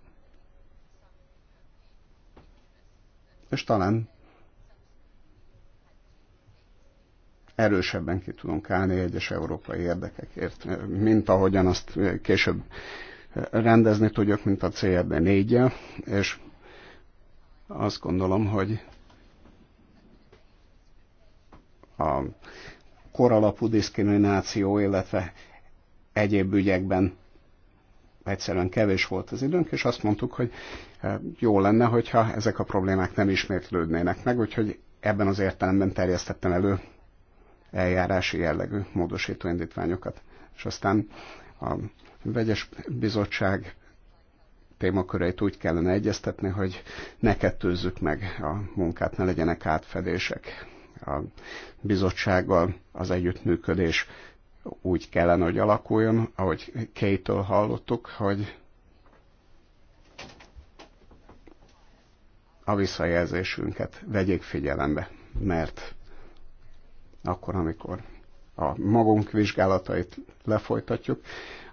És talán erősebben ki tudunk állni egyes európai érdekekért, mint ahogyan azt később rendezni tudjuk, mint a CRD 4 -jel, és azt gondolom, hogy a koralapú diszkrimináció, illetve egyéb ügyekben egyszerűen kevés volt az időnk, és azt mondtuk, hogy e, jó lenne, hogyha ezek a problémák nem ismétlődnének meg, úgyhogy ebben az értelemben terjesztettem elő eljárási jellegű módosítóindítványokat. És aztán a vegyes bizottság témaköreit úgy kellene egyeztetni, hogy ne kettőzzük meg a munkát, ne legyenek átfedések a bizottsággal, az együttműködés úgy kellene, hogy alakuljon, ahogy Kate-től hallottuk, hogy a visszajelzésünket vegyék figyelembe, mert akkor, amikor a magunk vizsgálatait lefolytatjuk,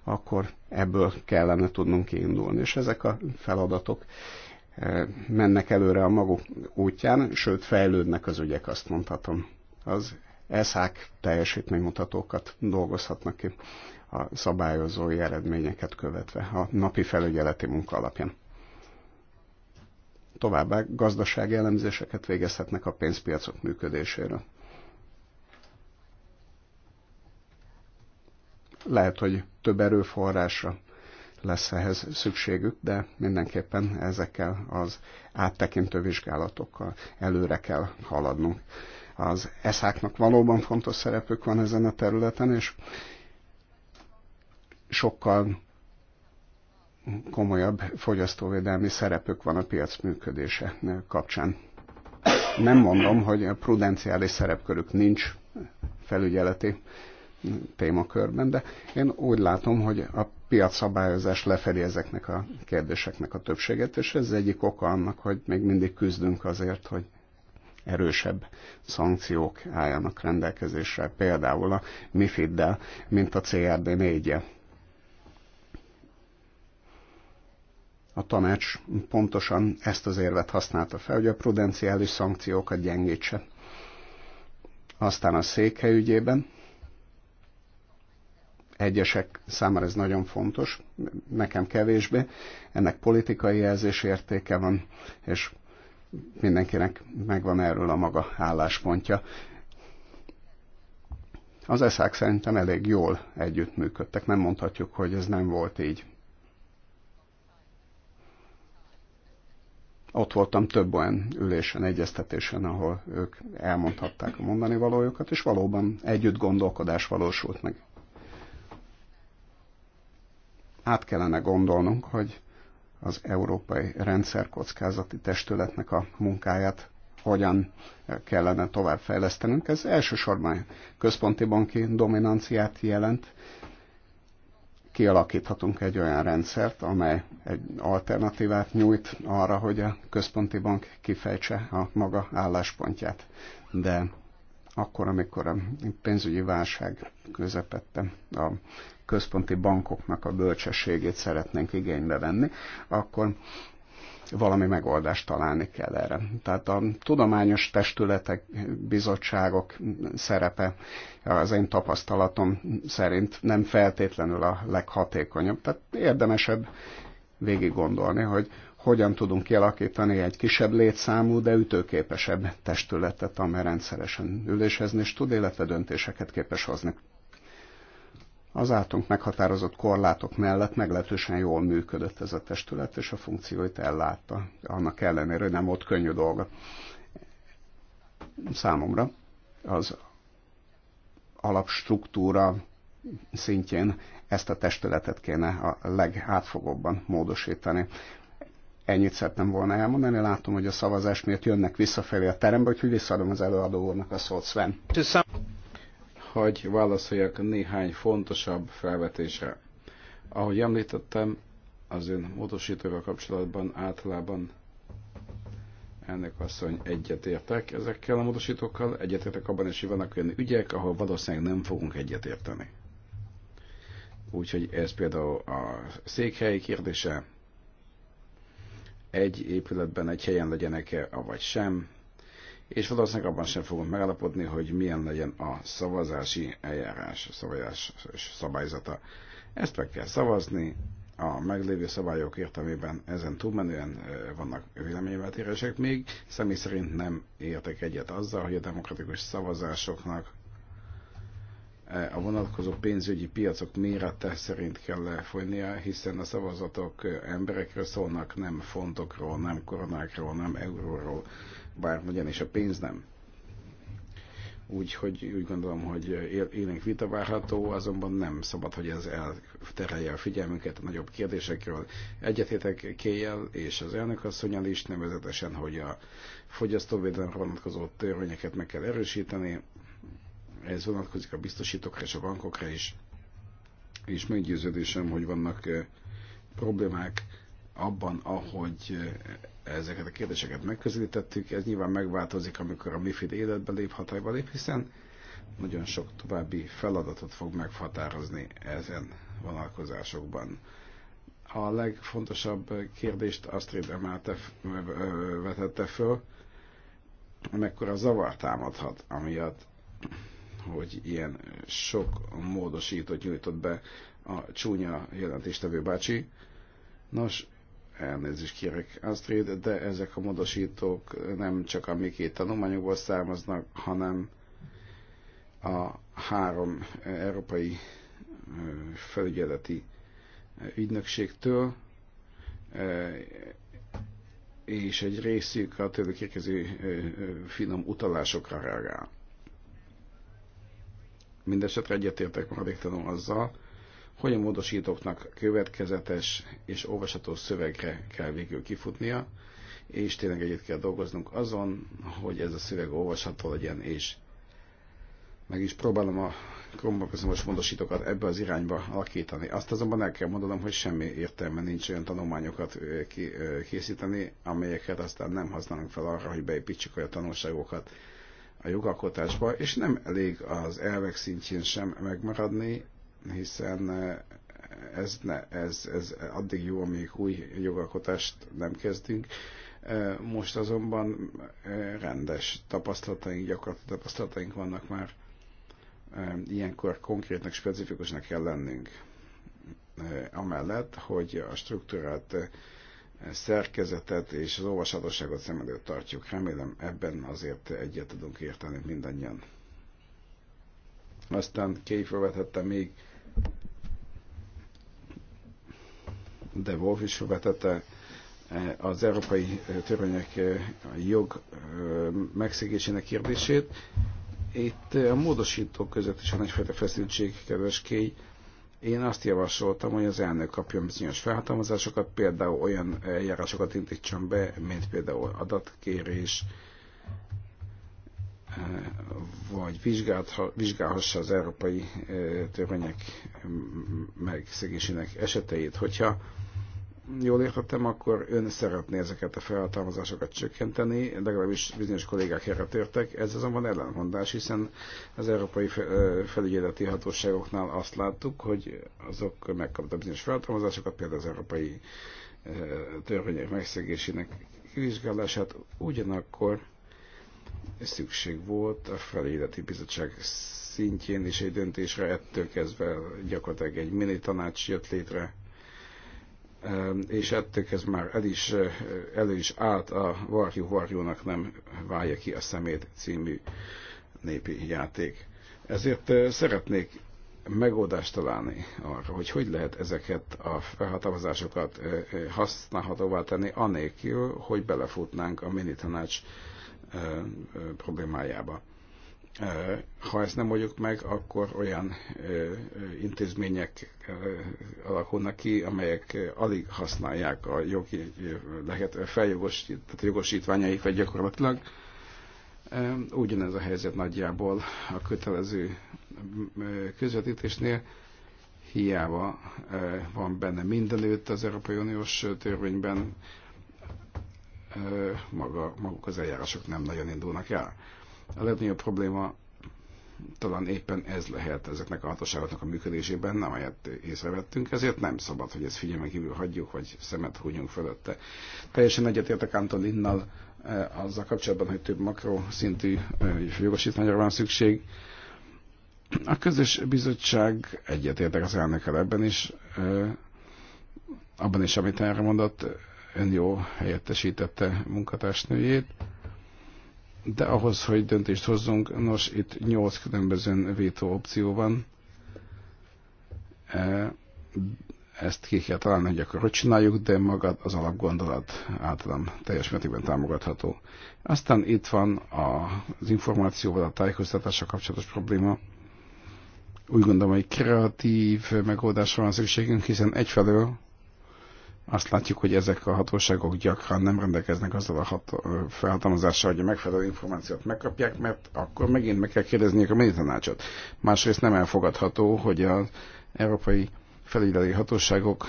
akkor ebből kellene tudnunk kiindulni. És ezek a feladatok eh, mennek előre a maguk útján, sőt fejlődnek az ügyek, azt mondhatom. Az ESZÁK teljesítménymutatókat dolgozhatnak ki a szabályozói eredményeket követve a napi felügyeleti munka alapján. Továbbá gazdasági elemzéseket végezhetnek a pénzpiacok működéséről. lehet, hogy több erőforrásra lesz ehhez szükségük, de mindenképpen ezekkel az áttekintő vizsgálatokkal előre kell haladnunk. Az eszáknak valóban fontos szerepük van ezen a területen, és sokkal komolyabb fogyasztóvédelmi szerepük van a piac működése kapcsán. Nem mondom, hogy a prudenciális szerepkörük nincs felügyeleti témakörben, de én úgy látom, hogy a piacszabályozás lefedi ezeknek a kérdéseknek a többséget, és ez egyik oka annak, hogy még mindig küzdünk azért, hogy erősebb szankciók álljanak rendelkezésre, például a MIFID-del, mint a CRD 4 A tanács pontosan ezt az érvet használta fel, hogy a prudenciális szankciókat gyengítse. Aztán a székhelyügyében egyesek számára ez nagyon fontos, nekem kevésbé. Ennek politikai jelzés értéke van, és mindenkinek megvan erről a maga álláspontja. Az eszák szerintem elég jól együttműködtek, nem mondhatjuk, hogy ez nem volt így. Ott voltam több olyan ülésen, egyeztetésen, ahol ők elmondhatták a mondani valójukat, és valóban együtt gondolkodás valósult meg át kellene gondolnunk, hogy az Európai Rendszerkockázati Testületnek a munkáját hogyan kellene továbbfejlesztenünk. Ez elsősorban központi banki dominanciát jelent. Kialakíthatunk egy olyan rendszert, amely egy alternatívát nyújt arra, hogy a központi bank kifejtse a maga álláspontját. De akkor, amikor a pénzügyi válság közepette a központi bankoknak a bölcsességét szeretnénk igénybe venni, akkor valami megoldást találni kell erre. Tehát a tudományos testületek, bizottságok szerepe az én tapasztalatom szerint nem feltétlenül a leghatékonyabb. Tehát érdemesebb végig gondolni, hogy hogyan tudunk kialakítani egy kisebb létszámú, de ütőképesebb testületet, amely rendszeresen ülésezni és tud, illetve döntéseket képes hozni. Az általunk meghatározott korlátok mellett meglehetősen jól működött ez a testület, és a funkcióit ellátta, annak ellenére, hogy nem volt könnyű dolga. Számomra az alapstruktúra szintjén ezt a testületet kéne a legátfogóbban módosítani. Ennyit szerettem volna elmondani, látom, hogy a szavazás miatt jönnek
visszafelé a terembe, úgyhogy visszaadom az előadó úrnak a szót, Sven. Hogy válaszoljak néhány fontosabb felvetésre. Ahogy említettem, az ön módosítóval kapcsolatban általában elnök asszony egyetértek ezekkel a módosítókkal, egyetértek abban is, hogy vannak olyan ügyek, ahol valószínűleg nem fogunk egyetérteni. Úgyhogy ez például a székhely kérdése, egy épületben, egy helyen legyenek-e, avagy sem, és valószínűleg abban sem fogunk megállapodni, hogy milyen legyen a szavazási eljárás, szavazás és szabályzata. Ezt meg kell szavazni, a meglévő szabályok értelmében ezen túlmenően vannak véleményvetéresek, még, személy szerint nem értek egyet azzal, hogy a demokratikus szavazásoknak Eh, a vonatkozó pénzügyi piacok mérete szerint kell lefolynia, hiszen a szavazatok eh, emberekről szólnak, nem fontokról, nem koronákról, nem euróról, bár ugyanis a pénz nem. Úgyhogy úgy gondolom, hogy eh, élénk vita várható, azonban nem szabad, hogy ez elterelje a figyelmünket a nagyobb kérdésekről. Egyetétek kéjel és az elnök asszonyal is, nevezetesen, hogy a fogyasztóvédelemre vonatkozó törvényeket meg kell erősíteni, ez vonatkozik a biztosítókra és a bankokra is. És meggyőződésem, hogy vannak problémák abban, ahogy ezeket a kérdéseket megközelítettük. Ez nyilván megváltozik, amikor a MIFID életbe lép, hatályba lép, hiszen nagyon sok további feladatot fog meghatározni ezen vonalkozásokban. A legfontosabb kérdést Astrid emelte, vetette föl, mekkora zavar támadhat, amiatt, hogy ilyen sok módosítót nyújtott be a csúnya jelentéstevő bácsi. Nos, elnézést kérek Astrid, de ezek a módosítók nem csak a mi két tanulmányokból származnak, hanem a három európai felügyeleti ügynökségtől, és egy részük a tőlük érkező finom utalásokra reagál. Mindesetre egyetértek maradéktalanul azzal, hogy a módosítóknak következetes és olvasható szövegre kell végül kifutnia, és tényleg együtt kell dolgoznunk azon, hogy ez a szöveg olvasható legyen, és meg is próbálom a kompromisszumos módosítókat ebbe az irányba alakítani. Azt azonban el kell mondanom, hogy semmi értelme nincs olyan tanulmányokat készíteni, amelyeket aztán nem használunk fel arra, hogy beépítsük olyan tanulságokat, a jogalkotásba, és nem elég az elvek szintjén sem megmaradni, hiszen eh, ez, ne, ez, ez addig jó, amíg új jogalkotást nem kezdünk. Eh, most azonban eh, rendes tapasztalataink, gyakorlati tapasztalataink vannak már. Ilyenkor konkrétnak, specifikusnak kell lennünk. Amellett, hogy a struktúrát szerkezetet és az olvasatosságot szem előtt tartjuk. Remélem ebben azért egyet tudunk érteni mindannyian. Aztán kéjfővetette még, de Wolf is felvetette eh, az európai eh, törvények eh, jog megszegésének kérdését. Itt a módosítók között is van egyfajta feszültség, kedves Kéj, én azt javasoltam, hogy az elnök kapjon bizonyos felhatalmazásokat, például olyan eljárásokat indítson be, mint például adatkérés, eh, vagy vizsgálhassa az európai eh, törvények mm, mm, megszegésének eseteit. Hogyha jól értettem, akkor ön szeretné ezeket a felhatalmazásokat csökkenteni, legalábbis bizonyos kollégák erre törtek. Ez azonban ellenmondás, hiszen az európai felügyeleti hatóságoknál azt láttuk, hogy azok megkaptak bizonyos felhatalmazásokat, például az európai törvények megszegésének kivizsgálását, ugyanakkor szükség volt a felügyeleti bizottság szintjén is egy döntésre, ettől kezdve gyakorlatilag egy mini tanács jött létre, és ettől ez már el is, eh, elő is állt a Varjú Varjúnak nem válja ki a szemét című népi játék. Ezért eh, szeretnék megoldást találni arra, hogy hogy lehet ezeket a felhatalmazásokat eh, használhatóvá tenni, anélkül, hogy belefutnánk a tanács problémájába. Ha ezt nem oldjuk meg, akkor olyan intézmények alakulnak ki, amelyek alig használják a jogi lehet feljogosít, tehát vagy gyakorlatilag. Ugyanez a helyzet nagyjából a kötelező közvetítésnél, hiába van benne mindenütt az Európai Uniós törvényben, maga, maguk az eljárások nem nagyon indulnak el. A legnagyobb probléma talán éppen ez lehet ezeknek a hatóságoknak a működésében, amelyet észrevettünk, ezért nem szabad, hogy ezt figyelmen kívül hagyjuk, vagy szemet húnyunk fölötte. Teljesen egyetértek Antolinnal eh, azzal kapcsolatban, hogy több szintű eh, jogosítványra van szükség. A közös bizottság egyetértek az elnökkel ebben is, eh, abban is, amit erre mondott, ön jó helyettesítette munkatársnőjét de ahhoz, hogy döntést hozzunk, nos, itt nyolc különböző vétó opció van. E, ezt ki kell találni, hogy akkor hogy csináljuk, de maga az alapgondolat általán teljes mértékben támogatható. Aztán itt van az információval, a tájékoztatással kapcsolatos probléma. Úgy gondolom, hogy kreatív megoldásra van szükségünk, hiszen egyfelől azt látjuk, hogy ezek a hatóságok gyakran nem rendelkeznek azzal a hat, felhatalmazással, hogy a megfelelő információt megkapják, mert akkor megint meg kell kérdezniük a mélytanácsot. Másrészt nem elfogadható, hogy az európai felügyelői hatóságok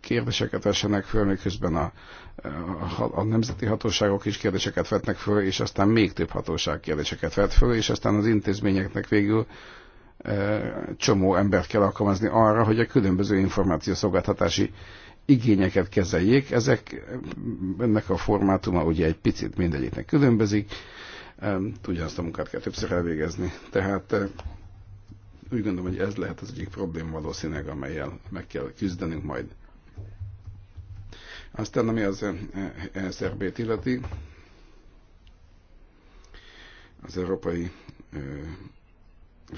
kérdéseket vessenek föl, miközben a, a, a nemzeti hatóságok is kérdéseket vetnek föl, és aztán még több hatóság kérdéseket vet föl, és aztán az intézményeknek végül csomó embert kell alkalmazni arra, hogy a különböző információszolgáltatási igényeket kezeljék. Ezek, ennek a formátuma ugye egy picit mindegyiknek különbözik, azt a munkát kell többször elvégezni. Tehát úgy gondolom, hogy ez lehet az egyik probléma valószínűleg, amelyel meg kell küzdenünk majd. Aztán ami az ESRB-t illeti, az Európai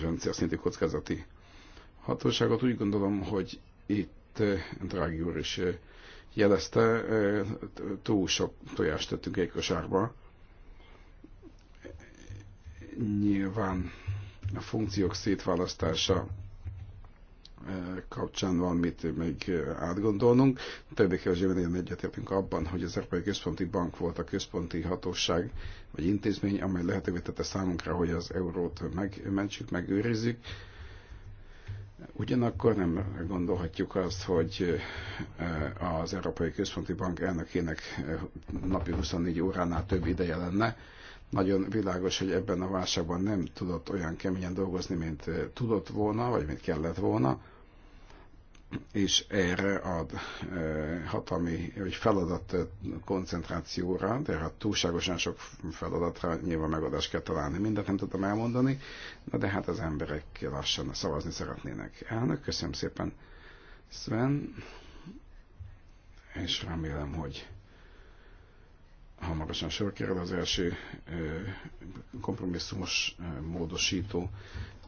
rendszer szintű kockázati hatóságot. Úgy gondolom, hogy itt eh, Drági úr is eh, jelezte, eh, túl sok tojást tettünk egy kosárba. Nyilván a funkciók szétválasztása kapcsán van mit még átgondolnunk. Többé kevésében nagyon egyetértünk abban, hogy az Európai Központi Bank volt a központi hatóság vagy intézmény, amely lehetővé tette számunkra, hogy az eurót megmentsük, megőrizzük. Ugyanakkor nem gondolhatjuk azt, hogy eh, az Európai Központi Bank elnökének eh, napi 24 óránál több ideje lenne. Nagyon világos, hogy ebben a válságban nem tudott olyan keményen dolgozni, mint eh, tudott volna, vagy mint kellett volna és erre ad hatalmi vagy feladat koncentrációra, de ha hát túlságosan sok feladatra nyilván megoldást kell találni. Mindent nem tudom elmondani, na de hát az emberek lassan szavazni szeretnének. Elnök, köszönöm szépen, Sven, és remélem, hogy hamarosan sor kerül az első kompromisszumos módosító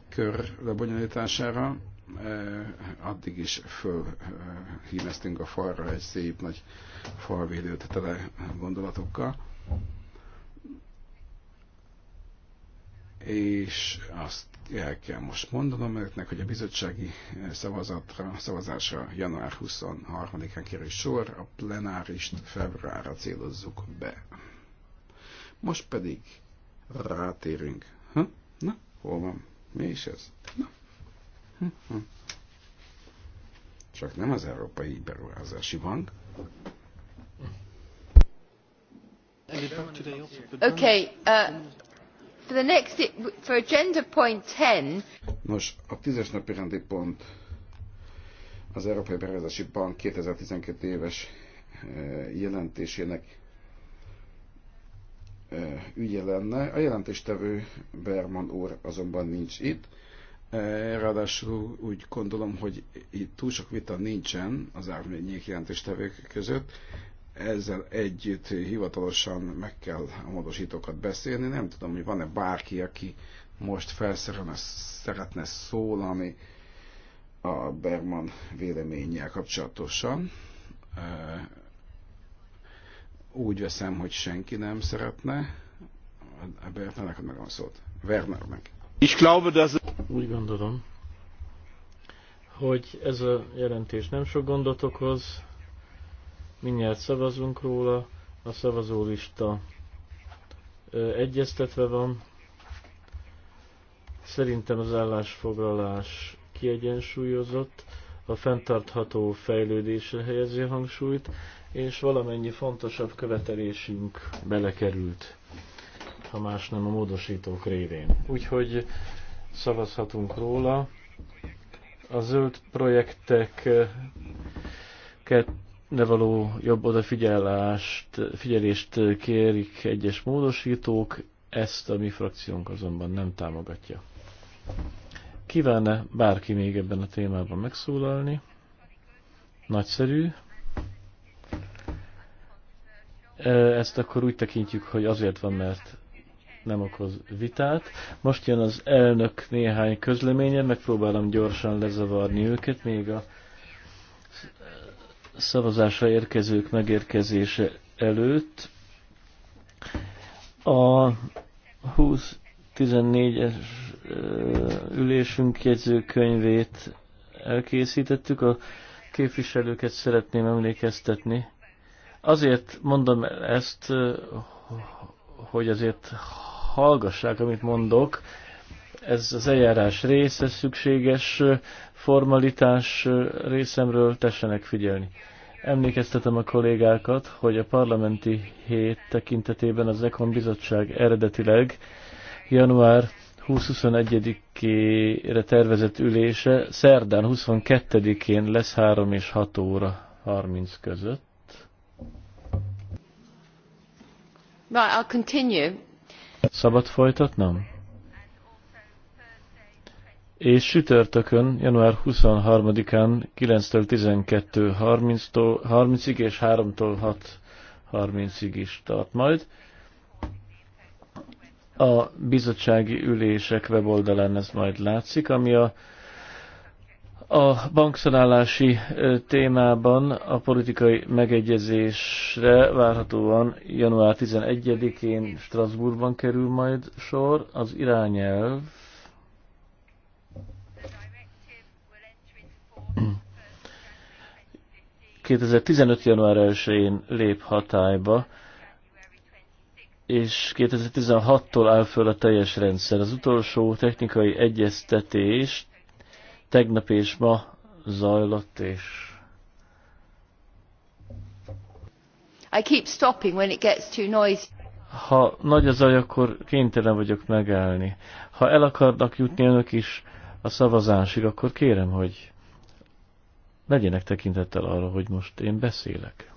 kör lebonyolítására. Eh, addig is fölhímeztünk a falra egy szép nagy falvédőt tele gondolatokkal. És azt el kell most mondanom önöknek, hogy a bizottsági szavazatra, szavazásra január 23-án kerül sor, a plenárist februárra célozzuk be. Most pedig rátérünk. Ha? Hm? Na, hol van? Mi is ez? Na. Csak nem az Európai Beruházási Bank.
Okay, uh, for the next, for agenda point 10.
Nos, a tízes napi rendi pont az Európai Beruházási Bank 2012 éves eh, jelentésének eh, ügye lenne. A jelentéstevő Berman úr azonban nincs itt, Eh, ráadásul úgy gondolom, hogy itt túl sok vita nincsen az árnyék jelentéstevők között. Ezzel együtt hivatalosan meg kell a módosítókat beszélni. Nem tudom, hogy van-e bárki, aki most felszerelne, szeretne szólani a Berman véleménnyel kapcsolatosan. Eh, úgy veszem, hogy senki nem szeretne. A Bertnának meg a szót. Wernernek. Ich glaube, dass úgy gondolom,
hogy ez a jelentés nem sok gondot okoz, mindjárt szavazunk róla, a szavazólista egyeztetve van. Szerintem az állásfoglalás kiegyensúlyozott, a fenntartható fejlődésre helyezi a hangsúlyt, és valamennyi fontosabb követelésünk belekerült, ha más nem a módosítók révén. Úgyhogy szavazhatunk róla. A zöld ne való jobb odafigyelést figyelést kérik egyes módosítók, ezt a mi frakciónk azonban nem támogatja. Kívánne bárki még ebben a témában megszólalni? Nagyszerű. Ezt akkor úgy tekintjük, hogy azért van, mert nem okoz vitát. Most jön az elnök néhány közleménye, megpróbálom gyorsan lezavarni őket, még a szavazásra érkezők megérkezése előtt. A 20-14-es ülésünk jegyzőkönyvét elkészítettük, a képviselőket szeretném emlékeztetni. Azért mondom ezt, hogy azért hallgassák, amit mondok. Ez az eljárás része, szükséges formalitás részemről tessenek figyelni. Emlékeztetem a kollégákat, hogy a parlamenti hét tekintetében az Ekon Bizottság eredetileg január 20-21-ére tervezett ülése szerdán 22-én lesz 3 és 6 óra 30 között.
Right, I'll continue.
Szabad folytatnom? És sütörtökön, január 23-án 9-től 12 30 ig és 3-tól 6 30 ig is tart majd. A bizottsági ülések weboldalán ez majd látszik, ami a a bankszanálási témában a politikai megegyezésre várhatóan január 11-én Strasbourgban kerül majd sor. Az irányelv ...2015. január 1-én lép hatályba, és 2016-tól áll föl a teljes rendszer. Az utolsó technikai egyeztetést tegnap és ma zajlott, és
I keep stopping when it gets too noisy.
Ha nagy a zaj, akkor kénytelen vagyok megállni. Ha el akarnak jutni önök is a szavazásig, akkor kérem, hogy legyenek tekintettel arra, hogy most én beszélek.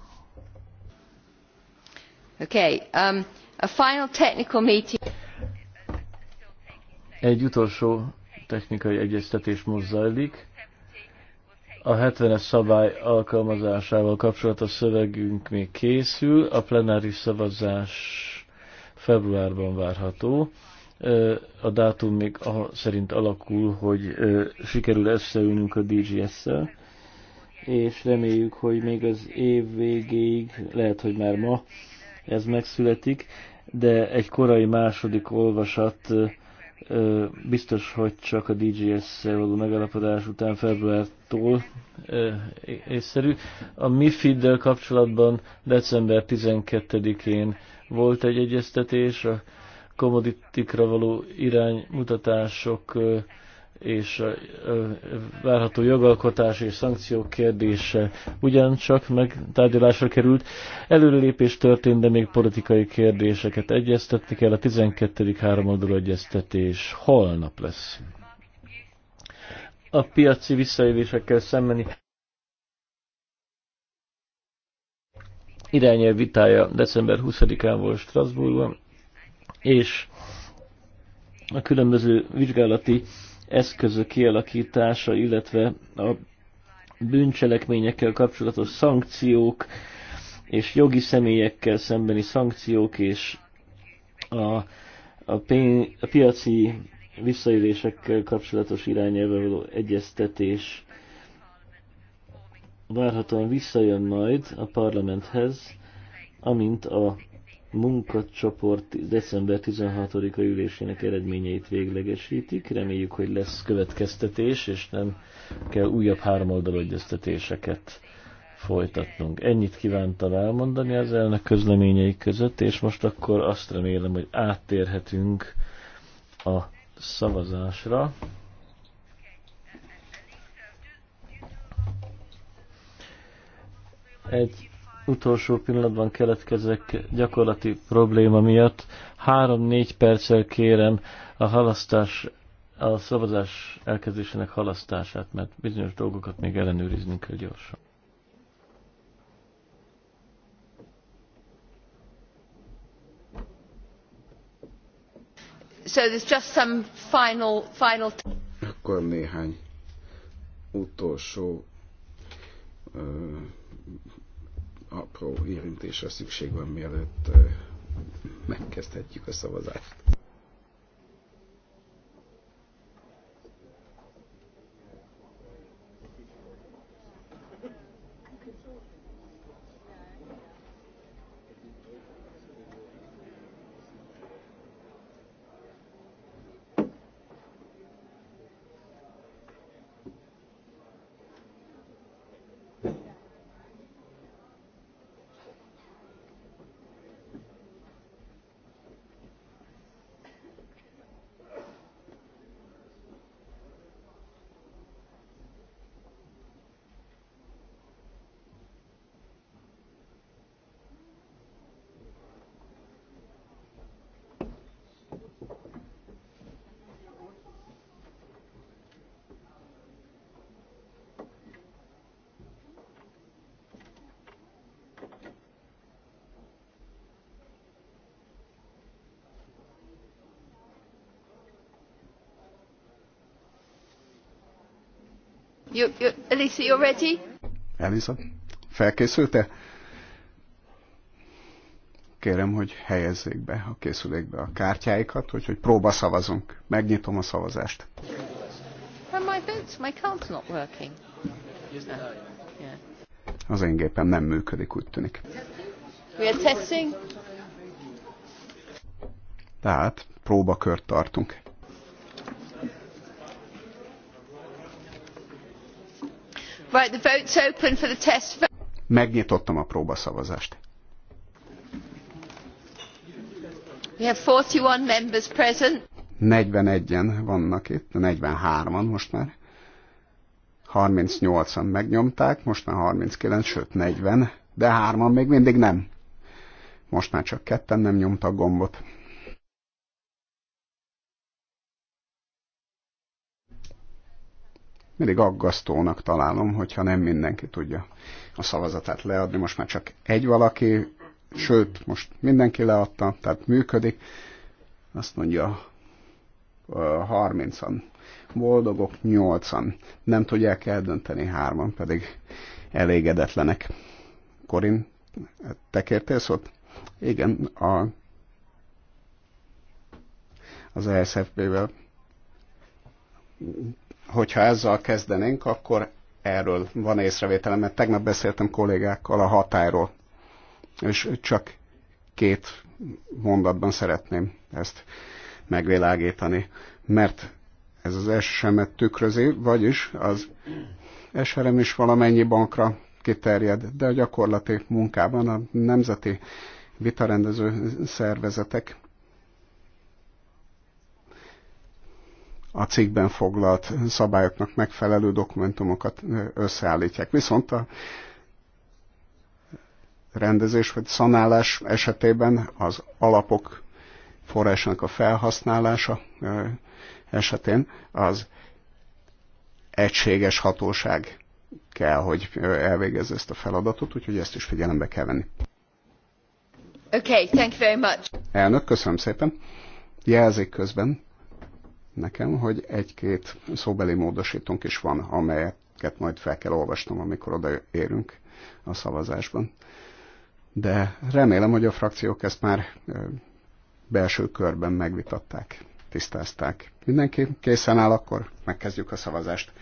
Okay, um, a final technical meeting.
Egy utolsó technikai egyeztetés most zajlik. A 70-es szabály alkalmazásával kapcsolatos szövegünk még készül, a plenáris szavazás februárban várható. A dátum még szerint alakul, hogy sikerül összeülnünk a DGS-szel, és reméljük, hogy még az év végéig, lehet, hogy már ma ez megszületik, de egy korai második olvasat biztos, hogy csak a DGS-szel való megalapodás után februártól észszerű. A MIFID-del kapcsolatban december 12-én volt egy egyeztetés, a komoditikra való iránymutatások és várható jogalkotás és szankciók kérdése ugyancsak megtárgyalásra került. Előrelépés történt, de még politikai kérdéseket egyeztetni kell. A 12. háromoldalú egyeztetés holnap lesz. A piaci visszaélésekkel szembeni irányelv vitája december 20-án volt Strasbourgban, és a különböző vizsgálati eszközök kialakítása, illetve a bűncselekményekkel kapcsolatos szankciók és jogi személyekkel szembeni szankciók és a, a, pén, a piaci visszaélésekkel kapcsolatos irányelve való egyeztetés várhatóan visszajön majd a parlamenthez, amint a munkacsoport december 16-a ülésének eredményeit véglegesítik. Reméljük, hogy lesz következtetés, és nem kell újabb háromoldalú egyeztetéseket folytatnunk. Ennyit kívántam elmondani az elnök közleményei között, és most akkor azt remélem, hogy áttérhetünk a szavazásra. Egy utolsó pillanatban keletkezek gyakorlati probléma miatt. Három-négy perccel kérem a halasztás, a szavazás elkezdésének halasztását, mert bizonyos dolgokat még ellenőrizni kell gyorsan.
So there's just some final, final...
Akkor néhány utolsó uh, apró érintésre szükség van, mielőtt eh, megkezdhetjük a szavazást.
You, you, Elisa, you ready?
Elisa, felkészülte? Kérem, hogy helyezzék be a készülékbe a kártyáikat, hogy, hogy próba szavazunk. Megnyitom a szavazást.
my my not working. Yeah.
Az én gépem nem működik, úgy tűnik.
We are testing.
Tehát próbakört tartunk.
Right, the vote's open for the test vote.
Megnyitottam a próbaszavazást.
We have 41 members present.
41-en vannak itt, 43-an most már. 38-an megnyomták, most már 39, sőt 40, de hárman még mindig nem. Most már csak ketten nem nyomtak gombot. mindig aggasztónak találom, hogyha nem mindenki tudja a szavazatát leadni. Most már csak egy valaki, sőt, most mindenki leadta, tehát működik. Azt mondja, 30-an boldogok, 8-an nem tudják eldönteni, 3-an pedig elégedetlenek. Korin, te kértél szót? Igen, a, az esfp vel hogyha ezzel kezdenénk, akkor erről van észrevételem, mert tegnap beszéltem kollégákkal a hatályról, és csak két mondatban szeretném ezt megvilágítani, mert ez az SSM-et tükrözi, vagyis az SRM is valamennyi bankra kiterjed, de a gyakorlati munkában a nemzeti vitarendező szervezetek a cikkben foglalt szabályoknak megfelelő dokumentumokat összeállítják. Viszont a rendezés vagy szanálás esetében az alapok forrásának a felhasználása esetén az egységes hatóság kell, hogy elvégezze ezt a feladatot, úgyhogy ezt is figyelembe kell venni.
Okay, thank you very much.
Elnök, köszönöm szépen. Jelzik közben, nekem, hogy egy-két szóbeli módosítónk is van, amelyeket majd fel kell olvasnom, amikor odaérünk a szavazásban. De remélem, hogy a frakciók ezt már belső körben megvitatták, tisztázták. Mindenki készen áll, akkor megkezdjük a szavazást.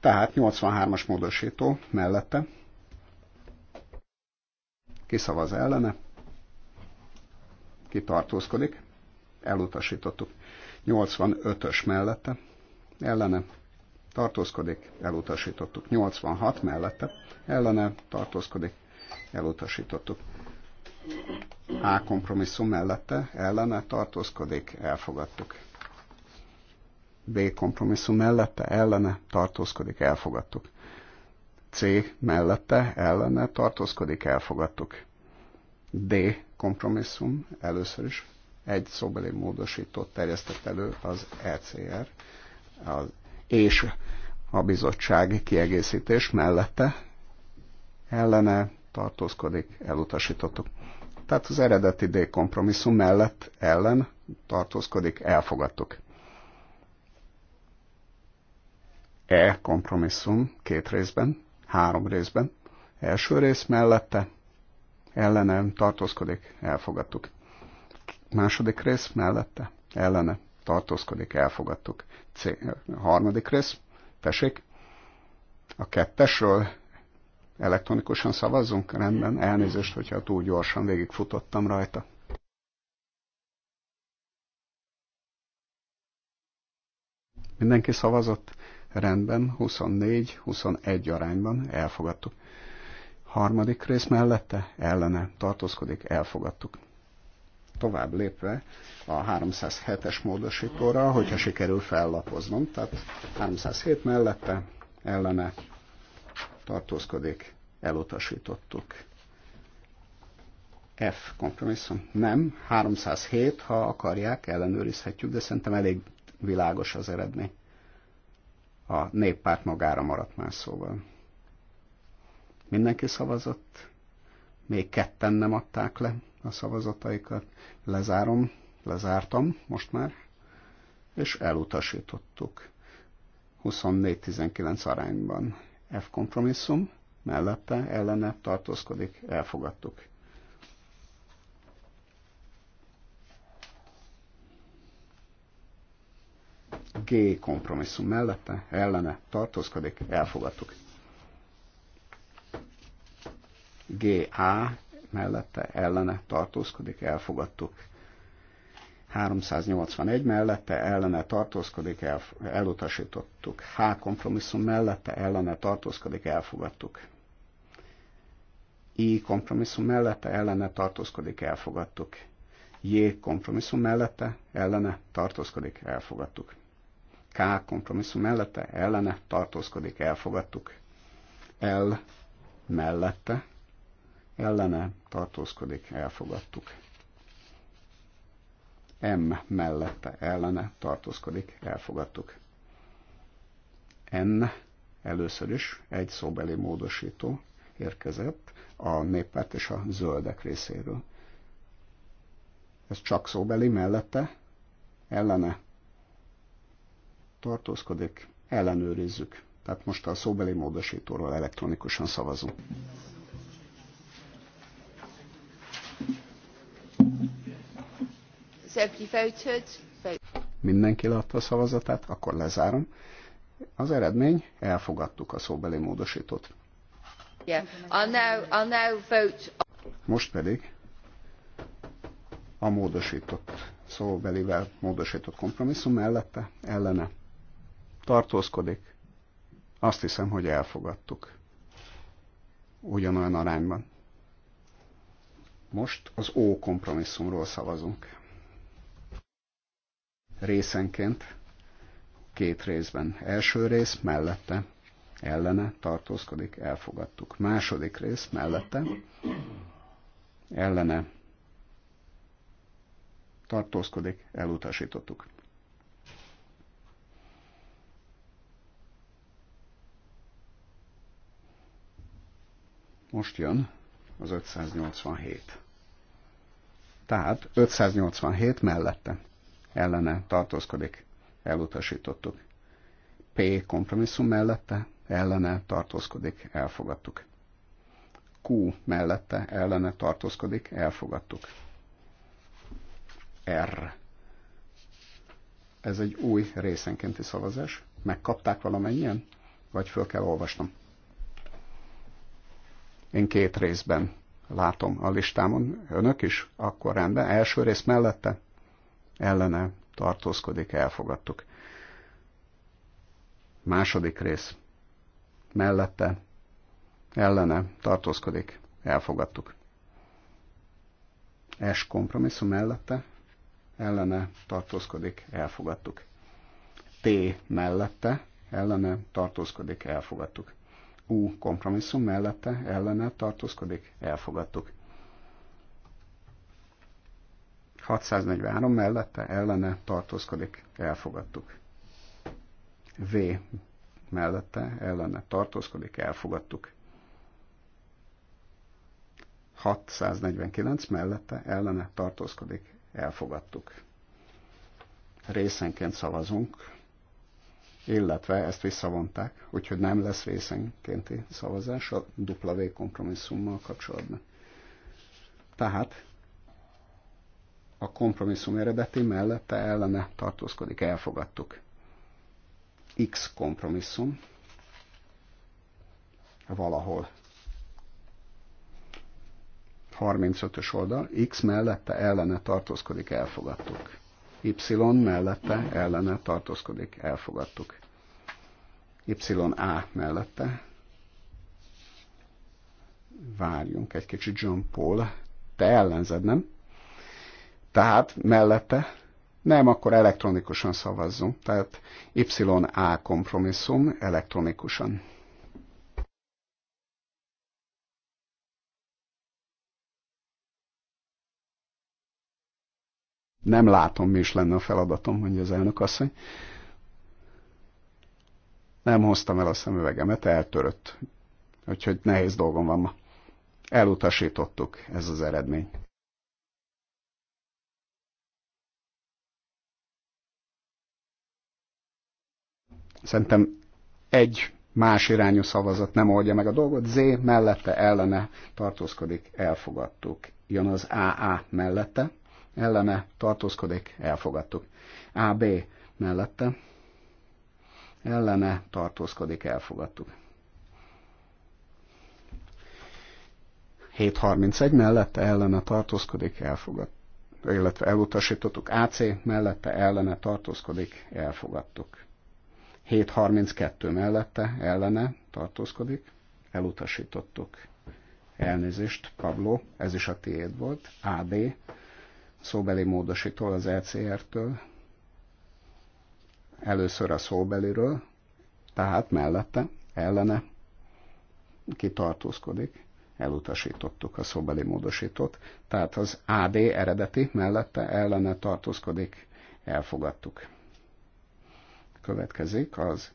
Tehát 83-as módosító mellette. szavaz ellene. tartózkodik? Elutasítottuk. 85-ös mellette, ellene tartózkodik, elutasítottuk. 86 mellette, ellene tartózkodik, elutasítottuk. A kompromisszum mellette, ellene tartózkodik, elfogadtuk. B kompromisszum mellette, ellene tartózkodik, elfogadtuk. C mellette, ellene tartózkodik, elfogadtuk. D kompromisszum először is egy szóbeli módosítót terjesztett elő az ECR, az, és a bizottság kiegészítés mellette ellene tartózkodik, elutasítottuk. Tehát az eredeti D kompromisszum mellett ellen tartózkodik, elfogadtuk. E kompromisszum két részben, három részben. Első rész mellette ellenem tartózkodik, elfogadtuk. Második rész mellette, ellene, tartózkodik, elfogadtuk. C, harmadik rész, tessék, a kettesről elektronikusan szavazzunk, rendben, elnézést, hogyha túl gyorsan végigfutottam rajta. Mindenki szavazott, rendben, 24-21 arányban elfogadtuk. Harmadik rész mellette, ellene, tartózkodik, elfogadtuk tovább lépve a 307-es módosítóra, hogyha sikerül fellapoznom, tehát 307 mellette ellene tartózkodik, elutasítottuk. F kompromisszum. Nem, 307, ha akarják, ellenőrizhetjük, de szerintem elég világos az eredmény. A néppárt magára maradt már szóval. Mindenki szavazott, még ketten nem adták le a szavazataikat. Lezárom, lezártam most már, és elutasítottuk. 24-19 arányban F kompromisszum, mellette ellene tartózkodik, elfogadtuk. G kompromisszum mellette, ellene tartózkodik, elfogadtuk. GA mellette ellene tartózkodik, elfogadtuk. 381 mellette ellene tartózkodik, el, elutasítottuk. H kompromisszum mellette ellene tartózkodik, elfogadtuk. I kompromisszum mellette ellene tartózkodik, elfogadtuk. J kompromisszum mellette ellene tartózkodik, elfogadtuk. K kompromisszum mellette ellene tartózkodik, elfogadtuk. L mellette ellene tartózkodik, elfogadtuk. M mellette ellene tartózkodik, elfogadtuk. N először is egy szóbeli módosító érkezett a néppárt és a zöldek részéről. Ez csak szóbeli mellette ellene tartózkodik, ellenőrizzük. Tehát most a szóbeli módosítóról elektronikusan szavazunk. Mindenki leadta a szavazatát, akkor lezárom. Az eredmény, elfogadtuk a szóbeli módosítót. Most pedig a módosított szóbelivel módosított kompromisszum mellette, ellene tartózkodik. Azt hiszem, hogy elfogadtuk. Ugyanolyan arányban. Most az ó kompromisszumról szavazunk részenként, két részben. Első rész mellette, ellene tartózkodik, elfogadtuk. Második rész mellette, ellene tartózkodik, elutasítottuk. Most jön az 587. Tehát 587 mellette ellene tartózkodik, elutasítottuk. P kompromisszum mellette, ellene tartózkodik, elfogadtuk. Q mellette, ellene tartózkodik, elfogadtuk. R. Ez egy új részenkénti szavazás. Megkapták valamennyien? Vagy föl kell olvasnom? Én két részben látom a listámon. Önök is? Akkor rendben. Első rész mellette, ellene tartózkodik, elfogadtuk. Második rész. Mellette, ellene tartózkodik, elfogadtuk. S kompromisszum mellette, ellene tartózkodik, elfogadtuk. T mellette, ellene tartózkodik, elfogadtuk. U kompromisszum mellette, ellene tartózkodik, elfogadtuk. 643 mellette ellene tartózkodik, elfogadtuk. V mellette ellene tartózkodik, elfogadtuk. 649 mellette ellene tartózkodik, elfogadtuk. Részenként szavazunk, illetve ezt visszavonták, úgyhogy nem lesz részenkénti szavazás a W kompromisszummal kapcsolatban. Tehát a kompromisszum eredeti mellette ellene tartózkodik, elfogadtuk. X kompromisszum valahol. 35-ös oldal, X mellette ellene tartózkodik, elfogadtuk. Y mellette ellene tartózkodik, elfogadtuk. a mellette várjunk egy kicsit, John Paul, te ellenzed, nem? Tehát mellette nem, akkor elektronikusan szavazzunk. Tehát YA kompromisszum elektronikusan. Nem látom, mi is lenne a feladatom, mondja az elnök asszony. Nem hoztam el a szemüvegemet, eltörött. Úgyhogy nehéz dolgom van ma. Elutasítottuk ez az eredmény. Szerintem egy más irányú szavazat nem oldja meg a dolgot. Z mellette ellene tartózkodik, elfogadtuk. Jön az AA mellette, ellene tartózkodik, elfogadtuk. AB mellette, ellene tartózkodik, elfogadtuk. 731 mellette ellene tartózkodik, elfogadt, illetve elutasítottuk. AC mellette ellene tartózkodik, elfogadtuk. 732 mellette ellene tartózkodik, elutasítottuk. Elnézést, Pablo, ez is a tiéd volt, AD, szóbeli módosító az ECR-től, először a szóbeliről, tehát mellette, ellene kitartózkodik, elutasítottuk a szóbeli módosítót, tehát az AD eredeti mellette ellene tartózkodik, elfogadtuk következik az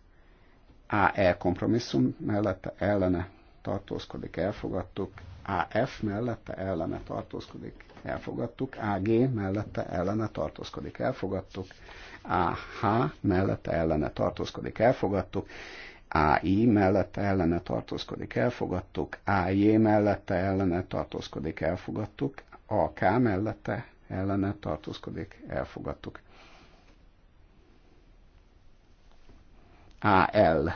AE kompromisszum mellette ellene tartózkodik, elfogadtuk, AF mellette ellene tartózkodik, elfogadtuk, AG mellette ellene tartózkodik, elfogadtuk, AH mellette ellene tartózkodik, elfogadtuk, AI mellette ellene tartózkodik, elfogadtuk, AJ mellette ellene tartózkodik, elfogadtuk, AK mellette ellene tartózkodik, elfogadtuk. AL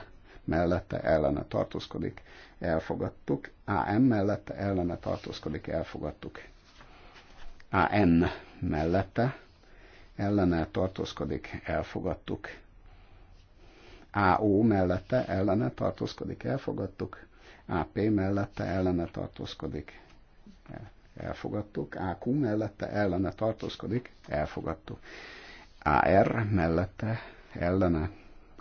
mellette ellene tartózkodik, elfogadtuk. AM mellette ellene tartózkodik, elfogadtuk. AN mellette ellene tartózkodik, elfogadtuk. AO mellette ellene tartózkodik, elfogadtuk. AP mellette ellene tartózkodik, elfogadtuk. AQ mellette ellene tartózkodik, elfogadtuk. AR mellette ellene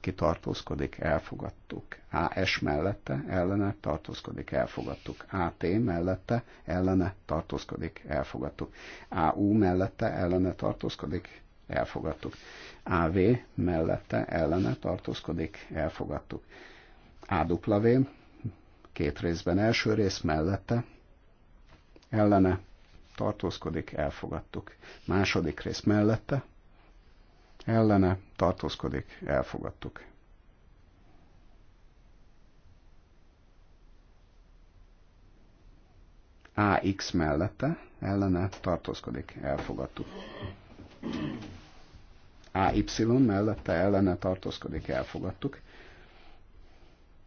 ki tartózkodik, elfogadtuk. AS mellette, ellene, tartózkodik, elfogadtuk. AT mellette, ellene, tartózkodik, elfogadtuk. AU mellette, ellene, tartózkodik, elfogadtuk. AV mellette, ellene, tartózkodik, elfogadtuk. AW két részben első rész mellette, ellene, tartózkodik, elfogadtuk. Második rész mellette, ellene tartózkodik, elfogadtuk. AX mellette ellene tartózkodik, elfogadtuk. AY mellette ellene tartózkodik, elfogadtuk.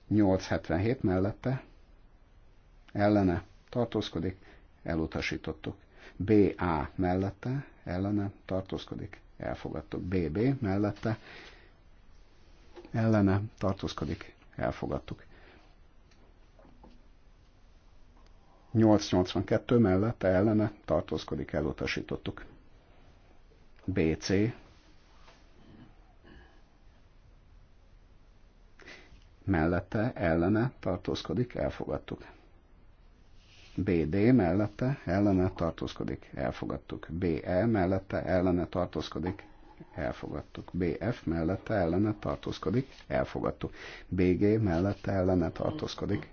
877 mellette ellene tartózkodik, elutasítottuk. BA mellette ellene tartózkodik, elfogadtuk. BB mellette ellene tartózkodik, elfogadtuk. 882 mellette ellene tartózkodik, elutasítottuk. BC mellette ellene tartózkodik, elfogadtuk. BD mellette ellene tartózkodik, elfogadtuk. BE mellette ellene tartózkodik, elfogadtuk. BF mellette ellene tartózkodik, elfogadtuk. BG mellette ellene tartózkodik,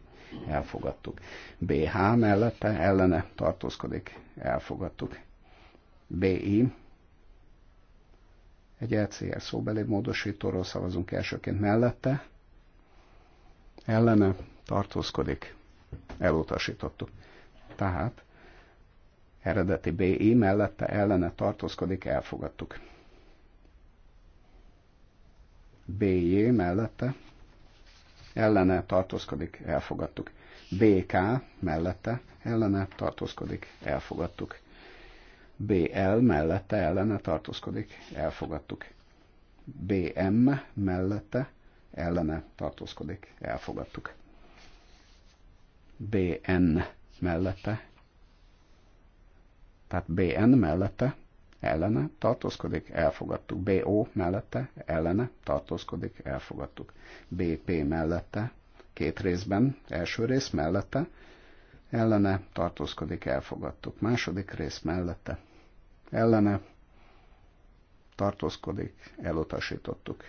elfogadtuk. BH mellette ellene tartózkodik, elfogadtuk. BI egy LCR e szóbeli módosítóról szavazunk elsőként mellette, ellene tartózkodik, elutasítottuk. Tehát eredeti BI mellette ellene tartózkodik, elfogadtuk. BJ mellette ellene tartózkodik, elfogadtuk. BK mellette ellene tartózkodik, elfogadtuk. BL mellette ellene tartózkodik, elfogadtuk. BM mellette ellene tartózkodik, elfogadtuk. BN mellette, tehát BN mellette, ellene tartózkodik, elfogadtuk. BO mellette, ellene tartózkodik, elfogadtuk. BP mellette, két részben, első rész mellette, ellene tartózkodik, elfogadtuk. Második rész mellette, ellene tartózkodik, elutasítottuk.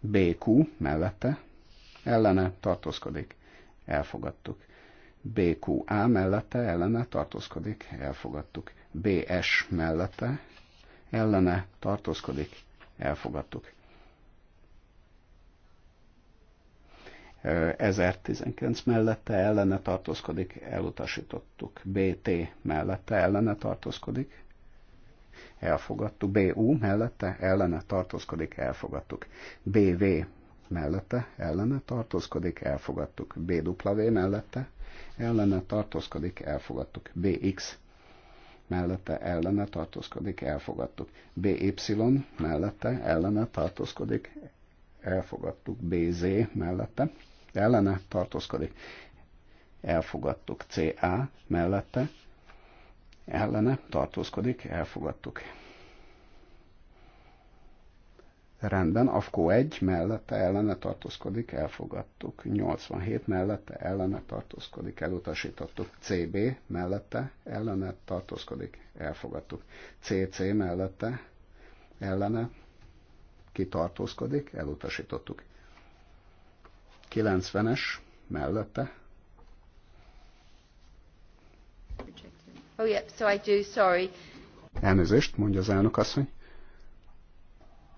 BQ mellette, ellene tartózkodik, elfogadtuk. BQA mellette ellene tartózkodik, elfogadtuk. BS mellette ellene tartózkodik, elfogadtuk. 1019 mellette ellene tartózkodik, elutasítottuk. BT mellette ellene tartózkodik, elfogadtuk. BU mellette ellene tartózkodik, elfogadtuk. BV mellette, ellene tartózkodik, elfogadtuk. BW mellette, ellene tartózkodik, elfogadtuk. BX mellette, ellene tartózkodik, elfogadtuk. BY mellette, ellene tartózkodik, elfogadtuk. BZ mellette, ellene tartózkodik, elfogadtuk. CA mellette, ellene tartózkodik, elfogadtuk. Rendben, AFKO 1 mellette ellene tartózkodik, elfogadtuk. 87 mellette ellene tartózkodik, elutasítottuk. CB mellette ellene tartózkodik, elfogadtuk. CC mellette ellene kitartózkodik, elutasítottuk. 90-es mellette.
Oh, yeah, so I do, sorry.
Elnézést, mondja az elnök asszony.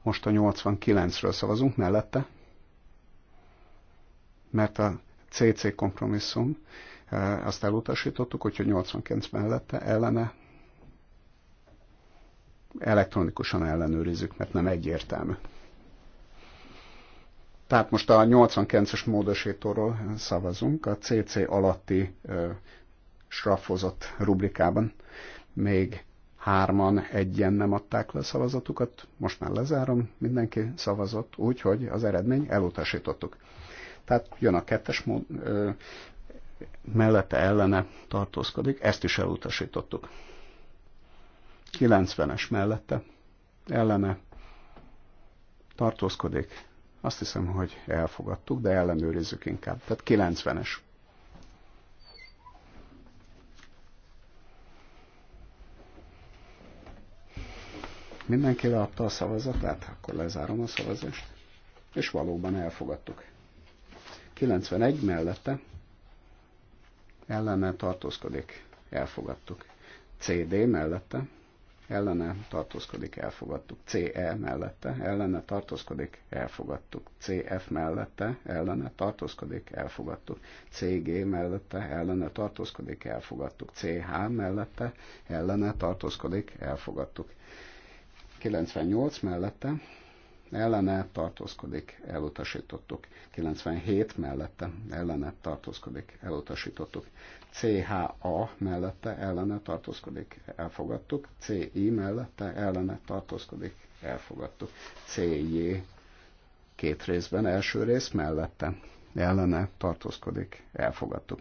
Most a 89-ről szavazunk mellette, mert a CC kompromisszum, e, azt elutasítottuk, hogyha 89 mellette ellene elektronikusan ellenőrizzük, mert nem egyértelmű. Tehát most a 89-es módosítóról szavazunk, a CC alatti ö, e, strafozott rubrikában még hárman egyen nem adták le a szavazatukat, most már lezárom, mindenki szavazott, úgyhogy az eredmény elutasítottuk. Tehát jön a kettes mód, ö, mellette ellene tartózkodik, ezt is elutasítottuk. 90-es mellette ellene tartózkodik. Azt hiszem, hogy elfogadtuk, de ellenőrizzük inkább. Tehát 90-es. Mindenki leadta a szavazatát, akkor lezárom a szavazást. És valóban elfogadtuk. 91 mellette ellene tartózkodik, elfogadtuk. CD mellette ellene tartózkodik, elfogadtuk. CE mellette ellene tartózkodik, elfogadtuk. CF mellette ellene tartózkodik, elfogadtuk. CG mellette ellene tartózkodik, elfogadtuk. CH mellette ellene tartózkodik, elfogadtuk. 98 mellette ellene tartózkodik, elutasítottuk. 97 mellette ellene tartózkodik, elutasítottuk. CHA mellette ellene tartózkodik, elfogadtuk. CI mellette ellene tartózkodik, elfogadtuk. CJ két részben, első rész mellette ellene tartózkodik, elfogadtuk.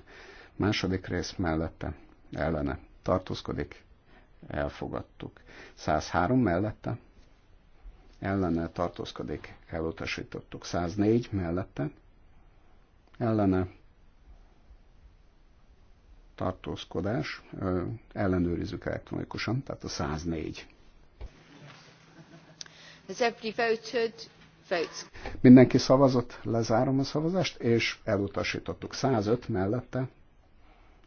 Második rész mellette ellene tartózkodik, elfogadtuk. 103 mellette ellene tartózkodik, elutasítottuk. 104 mellette ellene tartózkodás, ellenőrizzük elektronikusan, tehát a 104.
Has voted? Votes.
Mindenki szavazott, lezárom a szavazást, és elutasítottuk 105 mellette,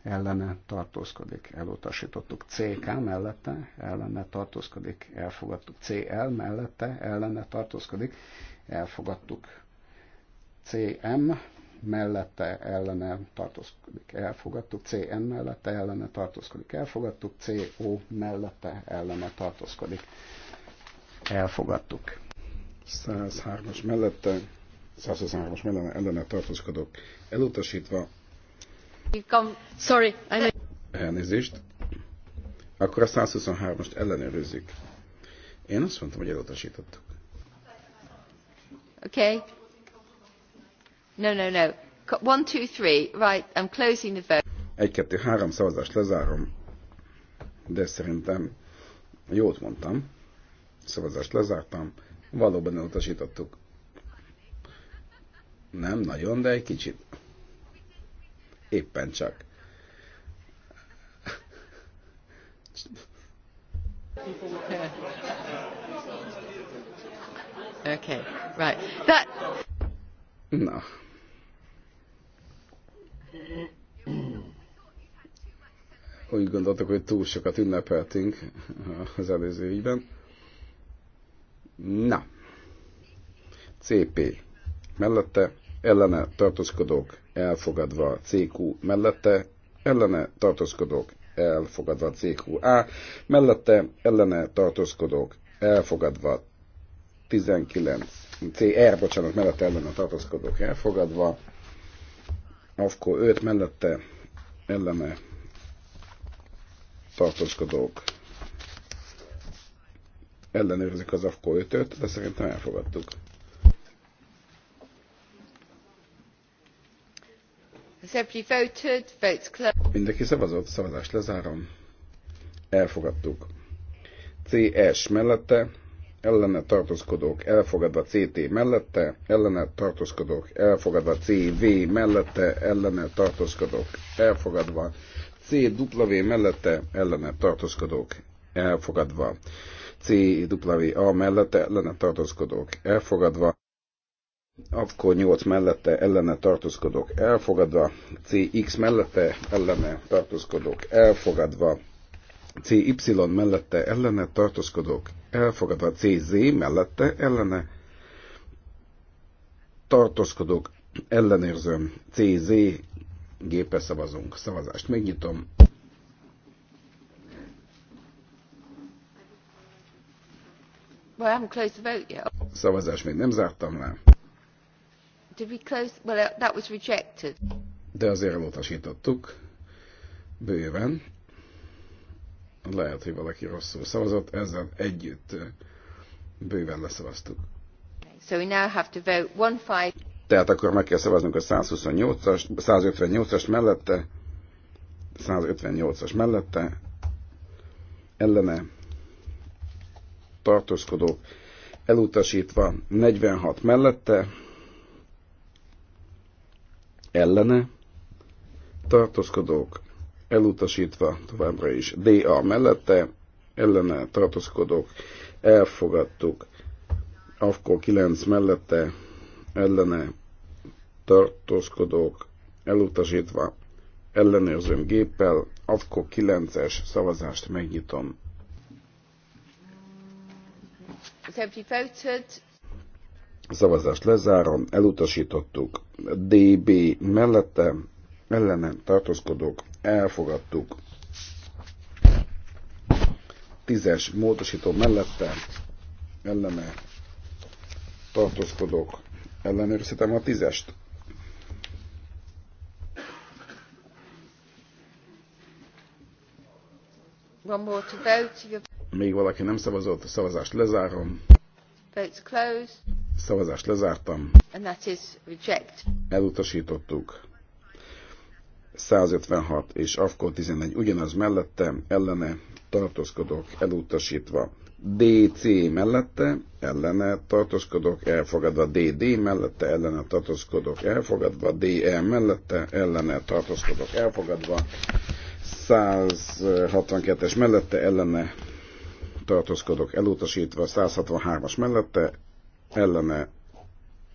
ellene tartózkodik, elutasítottuk CK mellette, ellene tartózkodik, elfogadtuk CL mellette, ellene tartózkodik, elfogadtuk CM mellette ellene tartózkodik, elfogadtuk, CN mellette ellene tartózkodik, elfogadtuk, CO mellette ellene tartózkodik,
elfogadtuk. 103-as mellette, 103 as mellene ellene tartózkodok, elutasítva
Sorry, I
Elnézést. Akkor a 123-ast ellenőrizzük. Én azt mondtam, hogy elutasítottuk.
Okay. No, no, no. One, two, three. Right, I'm closing the vote.
Egy, kettő, három szavazást lezárom. De szerintem jót mondtam. Szavazást lezártam. Valóban elutasítottuk. Nem nagyon, de egy kicsit éppen csak.
Okay, right. That... Na.
Úgy gondoltuk, hogy túl sokat ünnepeltünk az előző ügyben. Na. CP. Mellette ellene tartózkodók elfogadva CQ mellette, ellene tartózkodók elfogadva CQA, mellette ellene tartózkodók elfogadva 19 CR, e, bocsánat, mellette ellene tartózkodók elfogadva, Afko 5 mellette ellene tartózkodók ellenőrzik az AFKO 5-öt, de szerintem elfogadtuk. Mindenki szavazott, szavazást lezárom. Elfogadtuk. CS mellette, ellene tartózkodók elfogadva CT mellette, ellene tartózkodók elfogadva CV mellette, ellene tartózkodók elfogadva CW mellette, ellene tartózkodók elfogadva CWA mellette, ellene tartózkodók elfogadva akkor 8 mellette ellene tartózkodok elfogadva, CX mellette ellene tartózkodok elfogadva, CY mellette ellene tartózkodok elfogadva, CZ mellette ellene tartózkodok ellenérzőm, CZ gépe szavazunk. Szavazást megnyitom. Szavazás még nem zártam le.
Did we close? Well, that was rejected.
De azért elutasítottuk. Bőven. Lehet, hogy valaki rosszul szavazott, ezzel együtt bőven leszavaztuk.
So we now have to vote one five.
Tehát akkor meg kell szavaznunk a 128-as, 158-as mellette, 158-as mellette, ellene tartózkodók elutasítva 46 mellette, ellene, tartózkodók elutasítva továbbra is DA mellette, ellene tartózkodók elfogadtuk, AFKO 9 mellette, ellene tartózkodók elutasítva, ellenőrzöm géppel, AFKO 9-es szavazást megnyitom. Has Szavazást lezárom, elutasítottuk. DB mellette, ellene tartózkodók, elfogadtuk. Tízes módosító mellette, ellene tartózkodók, ellenőrizhetem a tízest. Még valaki nem szavazott, a szavazást lezárom.
Vote's closed.
Szavazást lezártam.
And that is reject.
Elutasítottuk. 156 és AFKO 11 ugyanaz mellette, ellene tartózkodok, elutasítva. DC mellette, ellene tartózkodok, elfogadva, DD mellette, ellene tartózkodok, elfogadva, DE mellette, ellene tartózkodok, elfogadva, 162-es mellette, ellene tartózkodok, elutasítva, 163-as mellette, ellene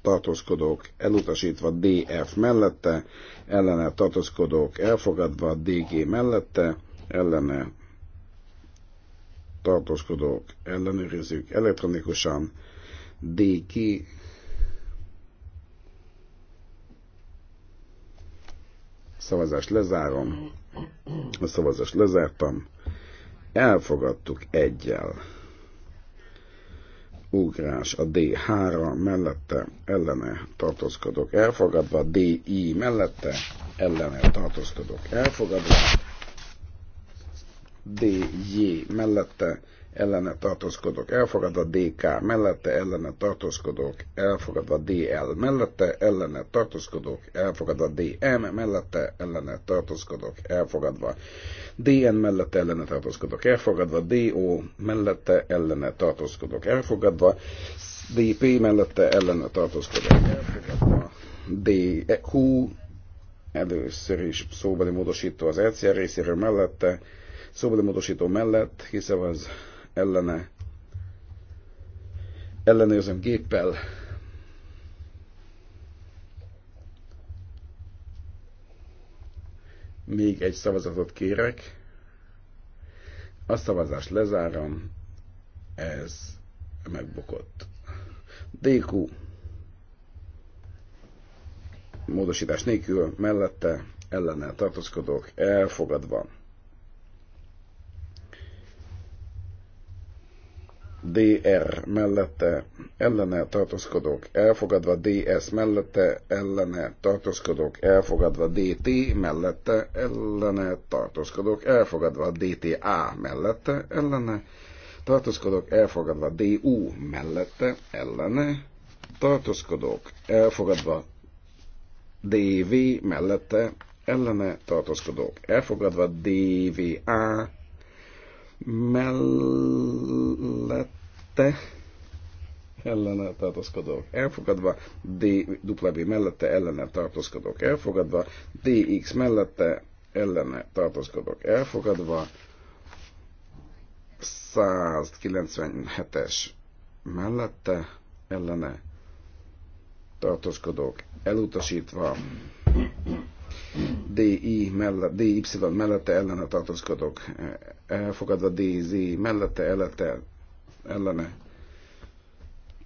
tartózkodók elutasítva DF mellette, ellene tartózkodók elfogadva DG mellette, ellene tartózkodók ellenőrizzük elektronikusan DG szavazást lezárom, a szavazást lezártam, elfogadtuk egyel ugrás a D3 mellette ellene tartózkodok elfogadva, DI mellette ellene tartózkodok elfogadva, DJ mellette ellene elfogad elfogadva, DK mellette ellene elfogad elfogadva, DL mellette ellene elfogad elfogadva, DM mellette ellene tartózkodok, elfogadva, DN mellette ellene tartózkodok, elfogadva, DO mellette ellene tartózkodok, elfogadva, DP mellette ellene tartózkodok, elfogadva, DQ e, először is szóbeli módosító az ECR részéről mellette, szóbeli módosító mellett, hiszen az ellene ellenőrzöm géppel. Még egy szavazatot kérek. A szavazást lezárom. Ez megbukott. DQ módosítás nélkül mellette ellene tartózkodók elfogadva. DR mellette ellene tartózkodók elfogadva, DS mellette ellene tartózkodók elfogadva, DT mellette ellene tartózkodók elfogadva, DTA mellette ellene tartózkodók elfogadva, DU mellette ellene tartózkodók elfogadva, DV mellette ellene tartózkodók elfogadva, DVA mellette ellene tartózkodók elfogadva, DW mellette ellene tartózkodók elfogadva, DX mellette ellene tartózkodók elfogadva, 197-es mellette ellene tartózkodók elutasítva, DI mellett, DY mellette ellene tartózkodok. Elfogadva DZ mellette ellete, ellene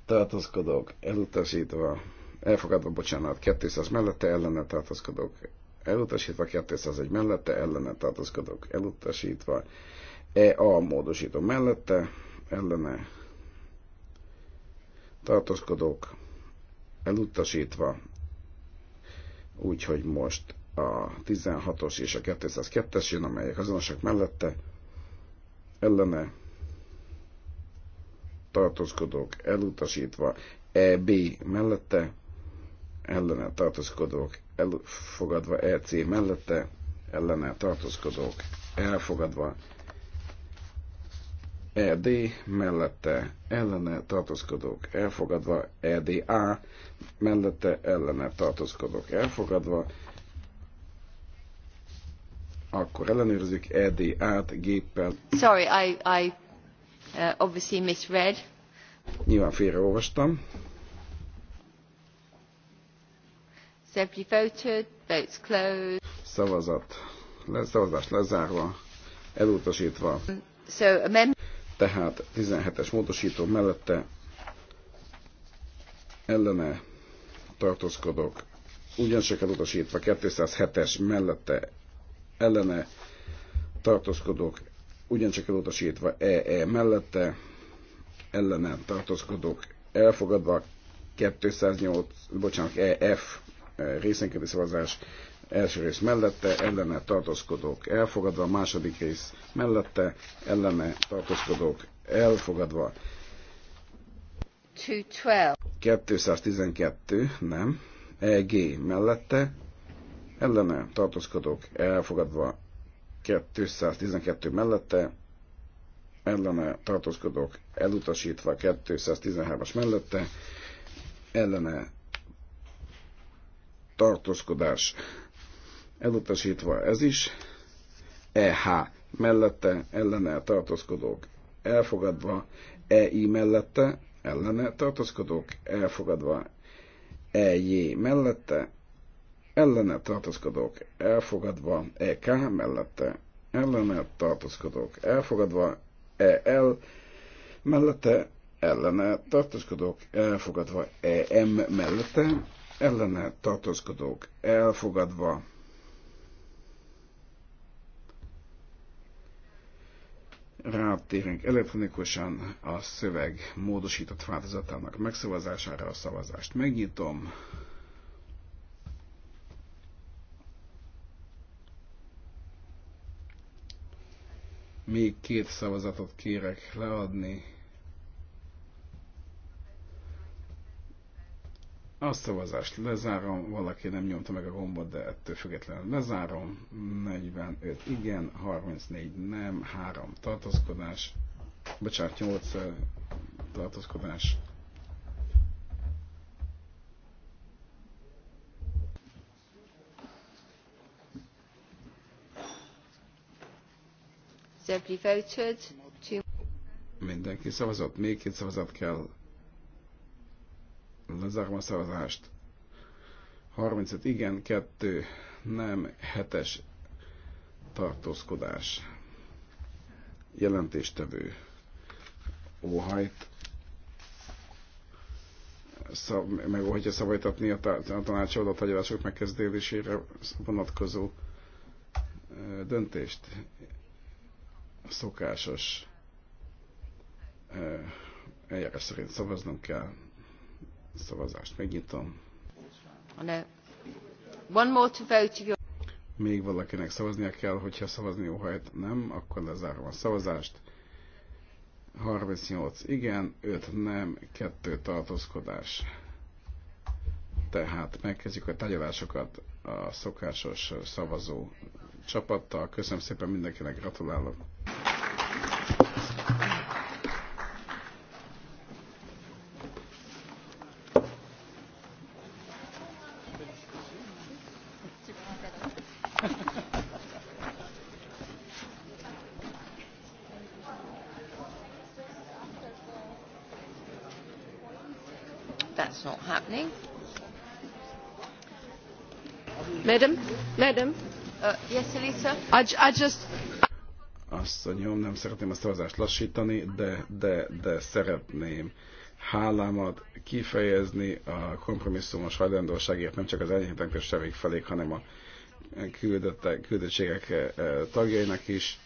tartózkodok. Elutasítva, elfogadva, bocsánat, 200 mellette ellene tartózkodok. Elutasítva 201 mellette ellene tartózkodok. Elutasítva EA módosító mellette ellene tartózkodok. elutasítva, úgyhogy most a 16-os és a 202-es jön, amelyek azonosak mellette, ellene tartózkodók elutasítva, EB mellette, ellene tartózkodók elfogadva, EC mellette, ellene tartózkodók elfogadva, ED mellette ellene tartózkodók elfogadva, EDA mellette ellene tartózkodók elfogadva, akkor ellenőrizzük EDA-t géppel.
Sorry, I, I uh, obviously misread.
Nyilván félreolvastam.
Simply voted, votes closed.
Szavazat. Le, szavazás lezárva, elutasítva. So, Tehát 17-es módosító mellette ellene tartózkodok, ugyancsak elutasítva 207-es mellette ellene tartózkodók ugyancsak elutasítva EE mellette, ellene tartózkodók elfogadva 208, bocsánat, EF eh, részenkedi szavazás első rész mellette, ellene tartózkodók elfogadva, második rész mellette, ellene tartózkodók elfogadva. 212, nem, EG mellette, ellene tartózkodók elfogadva 212 mellette, ellene tartózkodók elutasítva 213-as mellette, ellene tartózkodás elutasítva ez is, EH mellette ellene tartózkodók elfogadva, EI mellette ellene tartózkodók elfogadva, EJ mellette ellene tartózkodók elfogadva, EK mellette ellene tartózkodók elfogadva, EL mellette ellene tartózkodók elfogadva, EM mellette ellene tartózkodók elfogadva, rátérünk elektronikusan a szöveg módosított változatának megszavazására a szavazást megnyitom. Még két szavazatot kérek leadni. A szavazást lezárom, valaki nem nyomta meg a gombot, de ettől függetlenül lezárom. 45 igen, 34 nem, 3 tartózkodás, bocsánat, 8 tartózkodás.
voted.
Mindenki szavazott, még két szavazat kell. Lezárom a szavazást. 35 igen, 2 nem, 7-es tartózkodás. Jelentéstevő. Óhajt. Szab, meg hogyha szabálytatni a, a tanácsadat hagyarások megkezdésére vonatkozó döntést szokásos eljárás szerint szavaznom kell. Szavazást megnyitom.
One more to vote if
Még valakinek szavaznia kell, hogyha szavazni hajt nem, akkor lezárom a szavazást. 38 igen, 5 nem, 2 tartózkodás. Tehát megkezdjük a tárgyalásokat a szokásos szavazó csapattal. Köszönöm szépen mindenkinek, gratulálok! Azt I Asszonyom, nem szeretném a szavazást lassítani, de, de, de szeretném hálámat kifejezni a kompromisszumos hajlandóságért nem csak az enyhétlenkös sevék felé, hanem a küldöttségek eh, tagjainak is.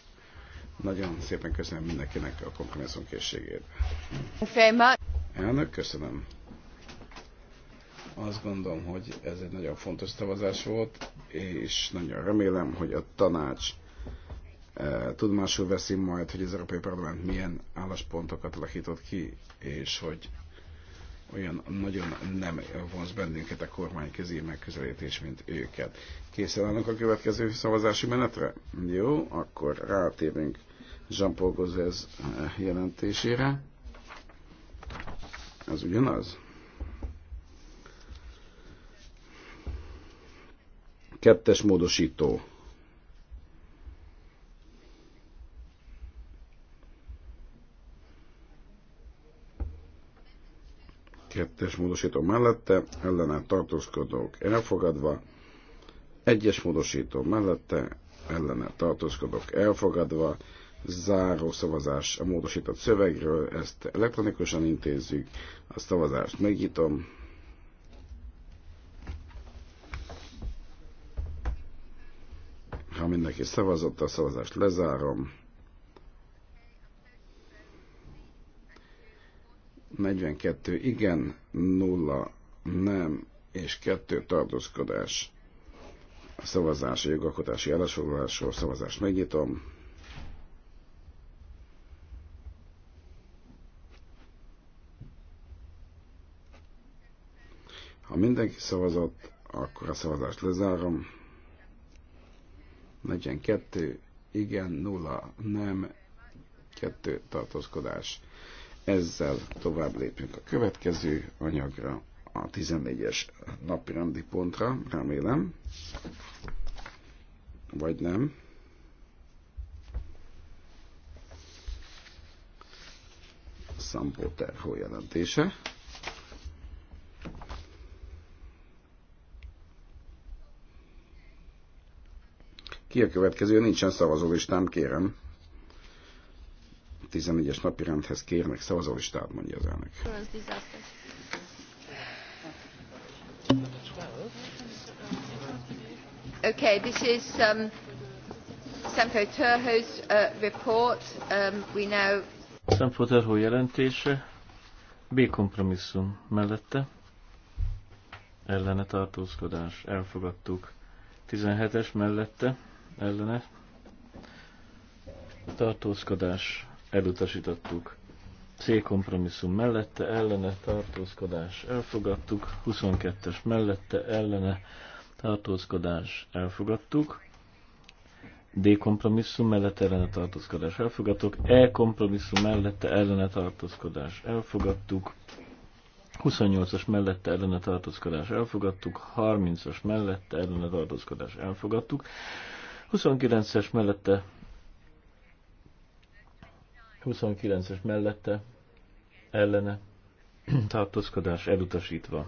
Nagyon szépen köszönöm mindenkinek a kompromisszumkészségét. Elnök, köszönöm. Azt gondolom, hogy ez egy nagyon fontos szavazás volt, és nagyon remélem, hogy a tanács e, tudomásul veszi majd, hogy az Európai Parlament milyen álláspontokat alakított ki, és hogy olyan nagyon nem vonz bennünket a kormány közé megközelítés, mint őket. Készen állunk a következő szavazási menetre? Jó, akkor rátérünk Jean-Paul Gauzès e, jelentésére. Ez ugyanaz? Kettes módosító. Kettes módosító mellette, ellene tartózkodók elfogadva. Egyes módosító mellette, ellene tartózkodók elfogadva. Záró szavazás a módosított szövegről, ezt elektronikusan intézzük. A szavazást megnyitom. mindenki szavazott, a szavazást lezárom. 42 igen, 0 nem, és 2 tartózkodás. A szavazás a jogalkotási állásfoglalásról szavazást megnyitom. Ha mindenki szavazott, akkor a szavazást lezárom. 42 igen, 0 nem, 2 tartózkodás. Ezzel tovább lépünk a következő anyagra, a 14-es napi rendi pontra, remélem. Vagy nem. Szampó jelentése. Ki a következő? Nincsen szavazólistám, kérem. 14-es napi rendhez kérnek szavazólistát, mondja az elnök.
Okay, this is um, Sampo Terho's uh, report. Um, we now...
Sampo Terho jelentése, B kompromisszum mellette, ellene tartózkodás, elfogadtuk. 17-es mellette, ellene tartózkodás elutasítottuk. C kompromisszum mellette ellene tartózkodás elfogadtuk, 22-es mellette ellene tartózkodás elfogadtuk, D kompromisszum mellette ellene tartózkodás elfogadtuk, E kompromisszum mellette ellene tartózkodás elfogadtuk, 28-as mellette ellene tartózkodás elfogadtuk, 30-as mellette ellene tartózkodás elfogadtuk, 29-es mellette 29-es mellette ellene tartózkodás elutasítva.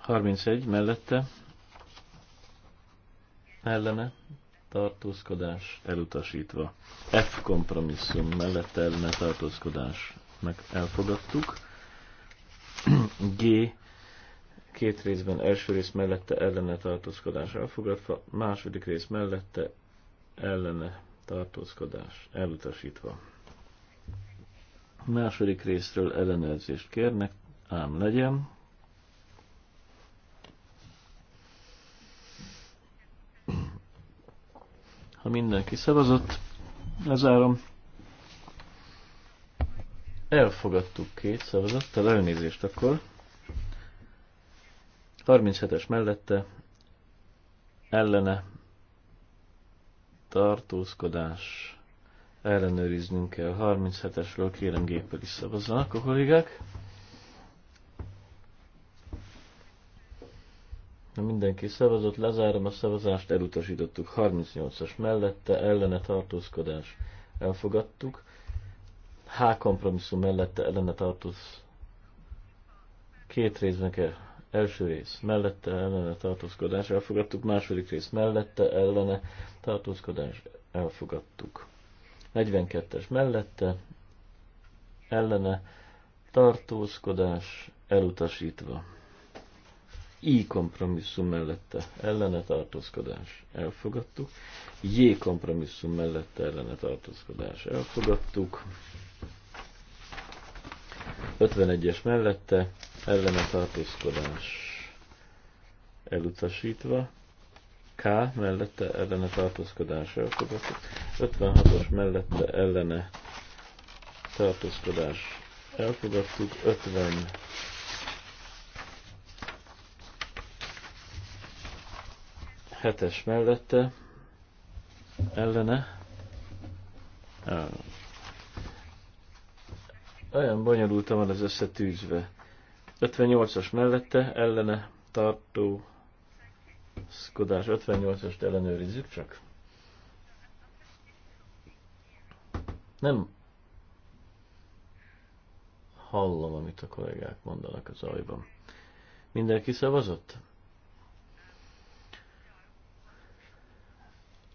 31 mellette ellene tartózkodás elutasítva. F kompromisszum mellette ellene tartózkodás meg elfogadtuk. G két részben, első rész mellette ellene tartózkodás elfogadva, második rész mellette ellene tartózkodás elutasítva. Második részről ellenőrzést kérnek, ám legyen. Ha mindenki szavazott, lezárom. Elfogadtuk két szavazattal, elnézést akkor. 37-es mellette ellene tartózkodás ellenőriznünk kell. 37-esről kérem géppel is szavazzanak a kollégák. Ha mindenki szavazott, lezárom a szavazást, elutasítottuk 38-as mellette, ellene tartózkodás elfogadtuk. H kompromisszum mellette ellene tartóz. Két részben kell első rész mellette ellene tartózkodás elfogadtuk, második rész mellette ellene tartózkodás elfogadtuk. 42-es mellette ellene tartózkodás elutasítva. I kompromisszum mellette ellene tartózkodás elfogadtuk. J kompromisszum mellette ellene tartózkodás elfogadtuk. 51-es mellette ellene tartózkodás elutasítva. K mellette ellene tartózkodás elfogadott. 56-os mellette ellene tartózkodás elfogadtuk. 50 hetes mellette ellene olyan bonyolultan van ez összetűzve. 58-as mellette, ellene tartó szkodás. 58-ast ellenőrizzük csak. Nem hallom, amit a kollégák mondanak az ajban. Mindenki szavazott?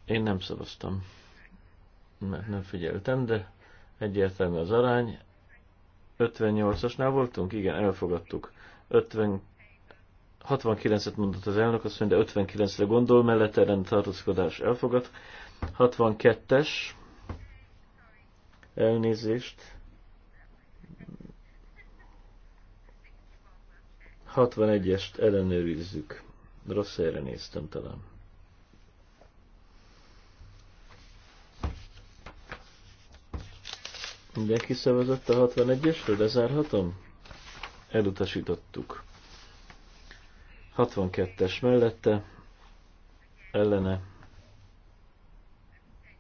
Én nem szavaztam, mert nem figyeltem, de egyértelmű az arány. 58-asnál voltunk? Igen, elfogadtuk. 50, 69-et mondott az elnök, azt mondja, de 59-re gondol, mellette ellen tartózkodás elfogad. 62-es, elnézést. 61-est ellenőrizzük. Rossz helyre néztem talán. Mindenki szavazott a 61-esről, lezárhatom? Elutasítottuk. 62-es mellette, ellene,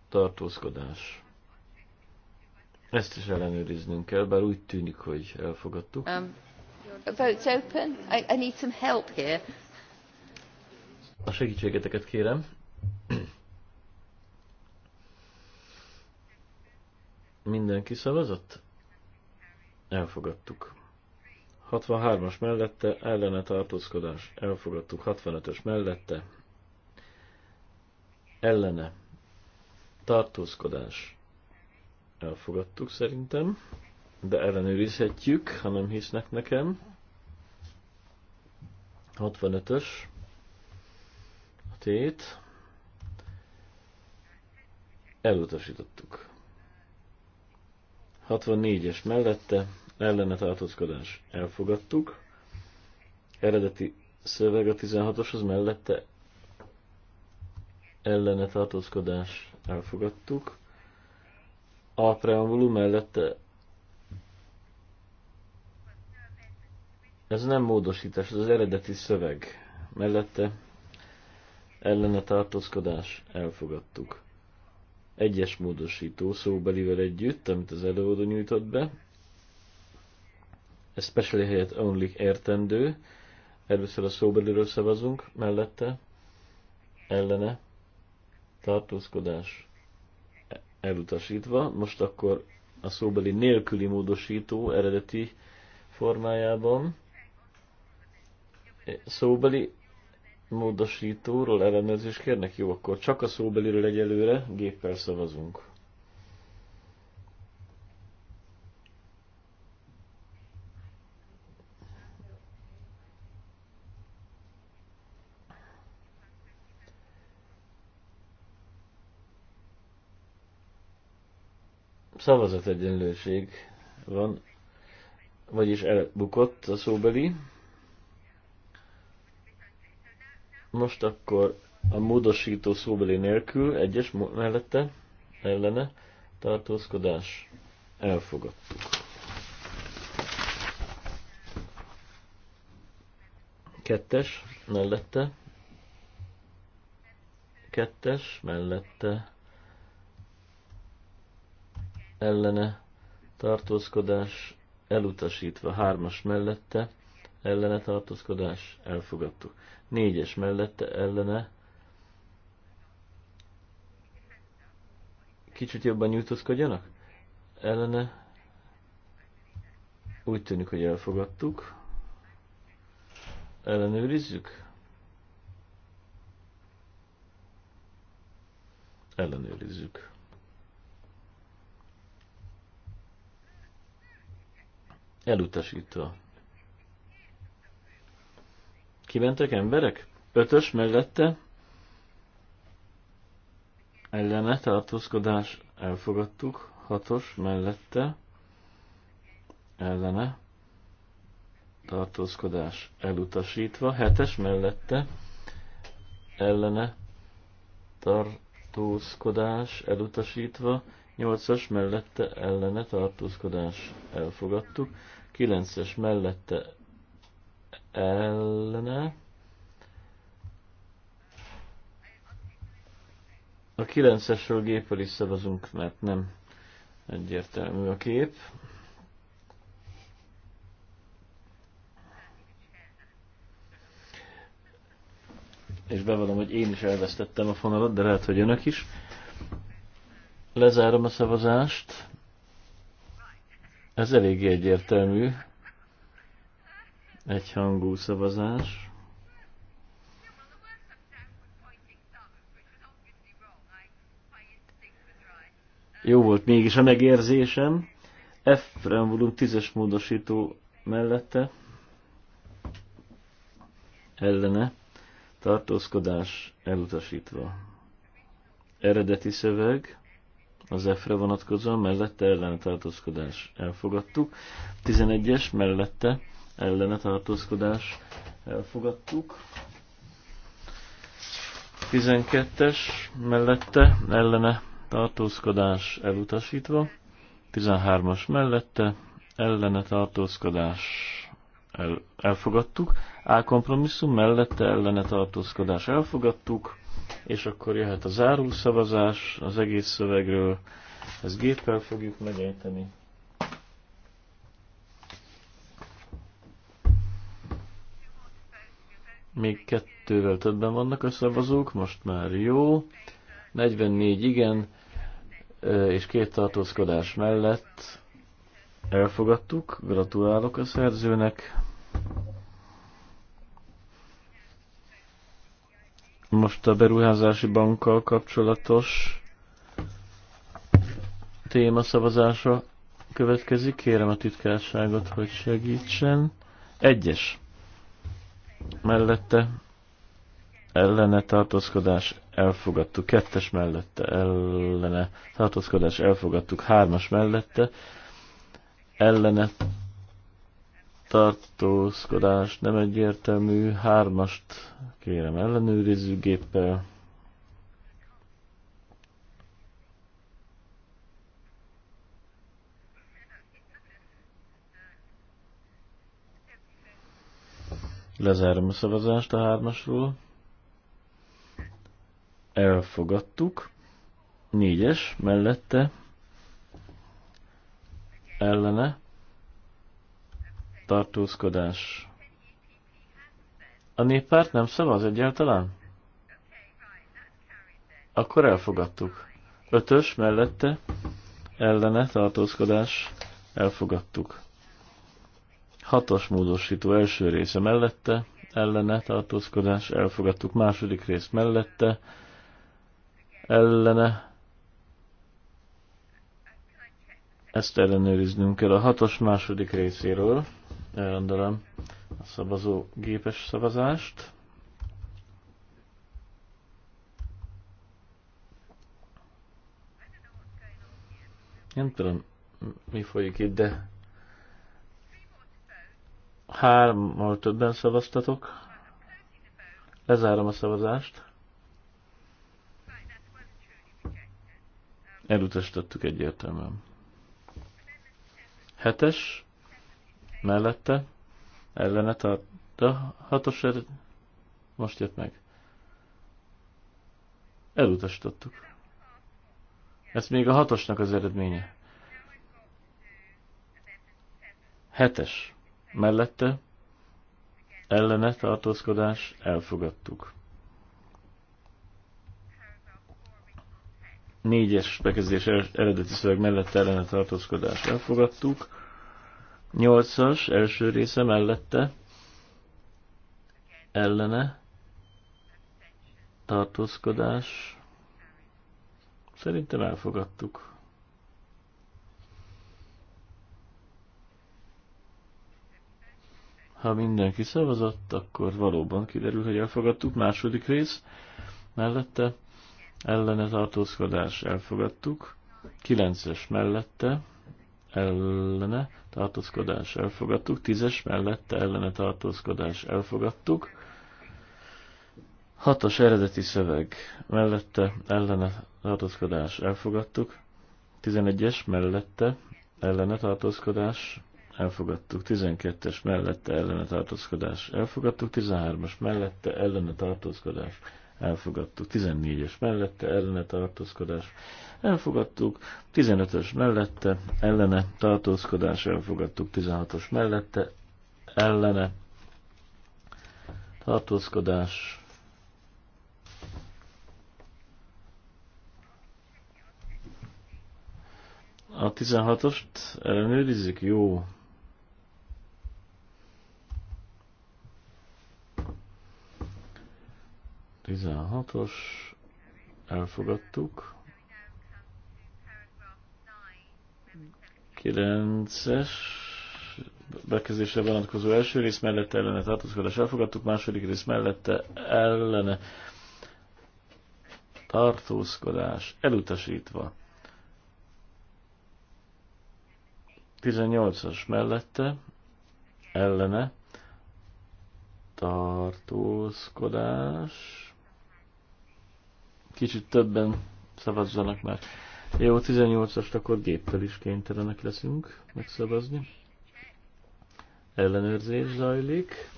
tartózkodás. Ezt is ellenőriznünk kell, bár úgy tűnik, hogy elfogadtuk.
Um, a vote's open. I, I need some help here.
A segítségeteket kérem. Mindenki szavazott? Elfogadtuk. 63-as mellette ellene tartózkodás. Elfogadtuk. 65-ös mellette ellene tartózkodás. Elfogadtuk szerintem, de ellenőrizhetjük, ha nem hisznek nekem. 65-ös tét. Elutasítottuk. 64-es mellette ellene tartózkodás elfogadtuk. Eredeti szöveg a 16-oshoz mellette ellene tartózkodás elfogadtuk. A preambulum mellette ez nem módosítás, ez az eredeti szöveg. Mellette ellene tartózkodás elfogadtuk egyes módosító szóbelivel együtt, amit az előadó nyújtott be. special helyett only értendő. Először a szóbeliről szavazunk, mellette, ellene, tartózkodás elutasítva. Most akkor a szóbeli nélküli módosító eredeti formájában. Szóbeli módosítóról ellenőrzést kérnek? Jó, akkor csak a szóbeliről egyelőre, géppel szavazunk. Szavazat egyenlőség van, vagyis elbukott a szóbeli. Most akkor a módosító szóbeli nélkül, egyes mellette, ellene, tartózkodás, elfogadtuk. Kettes, mellette, kettes, mellette, ellene, tartózkodás, elutasítva, hármas mellette, ellene tartózkodás, elfogadtuk. Négyes mellette ellene, kicsit jobban nyújtózkodjanak? Ellene úgy tűnik, hogy elfogadtuk. Ellenőrizzük? Ellenőrizzük. Elutasítva. Kimentek emberek? Ötös mellette ellene tartózkodás elfogadtuk. Hatos mellette ellene tartózkodás elutasítva. Hetes mellette ellene tartózkodás elutasítva. Nyolcas mellette ellene tartózkodás elfogadtuk. Kilences mellette ellene. A 9-esről géppel is szavazunk, mert nem egyértelmű a kép. És bevallom, hogy én is elvesztettem a fonalat, de lehet, hogy önök is. Lezárom a szavazást. Ez eléggé egyértelmű. Egyhangú szavazás. Jó volt mégis a megérzésem. F ren 10-es módosító mellette ellene tartózkodás elutasítva. Eredeti szöveg az F-re vonatkozóan mellette ellene tartózkodás elfogadtuk. 11-es mellette ellene tartózkodás elfogadtuk. 12-es mellette ellene tartózkodás elutasítva. 13-as mellette ellene tartózkodás el, elfogadtuk. A kompromisszum mellette ellene tartózkodás elfogadtuk. És akkor jöhet a zárul szavazás az egész szövegről. Ezt géppel fogjuk megejteni. Még kettővel többen vannak a szavazók, most már jó. 44 igen, és két tartózkodás mellett elfogadtuk. Gratulálok a szerzőnek. Most a beruházási bankkal kapcsolatos téma szavazása következik. Kérem a titkárságot, hogy segítsen. Egyes mellette ellene tartózkodás elfogadtuk, kettes mellette ellene tartózkodás elfogadtuk, hármas mellette ellene tartózkodás nem egyértelmű, hármast kérem ellenőrizzük géppel. Lezárom a szavazást a hármasról. Elfogadtuk. Négyes mellette. Ellene. Tartózkodás. A néppárt nem szavaz egyáltalán? Akkor elfogadtuk. Ötös mellette. Ellene tartózkodás. Elfogadtuk. Hatos módosító első része mellette, ellene tartózkodás, elfogadtuk második rész mellette, ellene, ezt ellenőriznünk kell a hatos második részéről, elrendelem a szavazó gépes szavazást. Nem tudom, mi folyik itt, de Hármal többen szavaztatok. Lezárom a szavazást. Elutasítottuk egyértelműen. Hetes. Mellette. Ellene tart. a hatos er... Most jött meg. Elutasítottuk. Ez még a hatosnak az eredménye. Hetes mellette ellene tartózkodás elfogadtuk. Négyes bekezdés eredeti szöveg mellette ellene tartózkodás elfogadtuk. Nyolcas első része mellette ellene tartózkodás szerintem elfogadtuk. Ha mindenki szavazott, akkor valóban kiderül, hogy elfogadtuk. Második rész mellette ellene tartózkodás elfogadtuk. Kilences mellette ellene tartózkodás elfogadtuk. Tízes mellette ellene tartózkodás elfogadtuk. Hatos eredeti szöveg mellette ellene tartózkodás elfogadtuk. tizenegyes mellette ellene tartózkodás elfogadtuk, 12-es mellette ellene tartózkodás, elfogadtuk, 13-as mellette ellene tartózkodás, elfogadtuk, 14-es mellette ellene tartózkodás, elfogadtuk, 15-ös mellette ellene tartózkodás, elfogadtuk, 16-os mellette ellene tartózkodás, A 16-ost ellenőrizzük? Jó. 16-os elfogadtuk. 9-es bekezdésre vonatkozó első rész mellette ellene tartózkodás elfogadtuk, második rész mellette ellene tartózkodás elutasítva. 18-as mellette ellene tartózkodás Kicsit többen szavazzanak már. Jó, 18-ast akkor géppel is kénytelenek leszünk megszavazni. Ellenőrzés zajlik.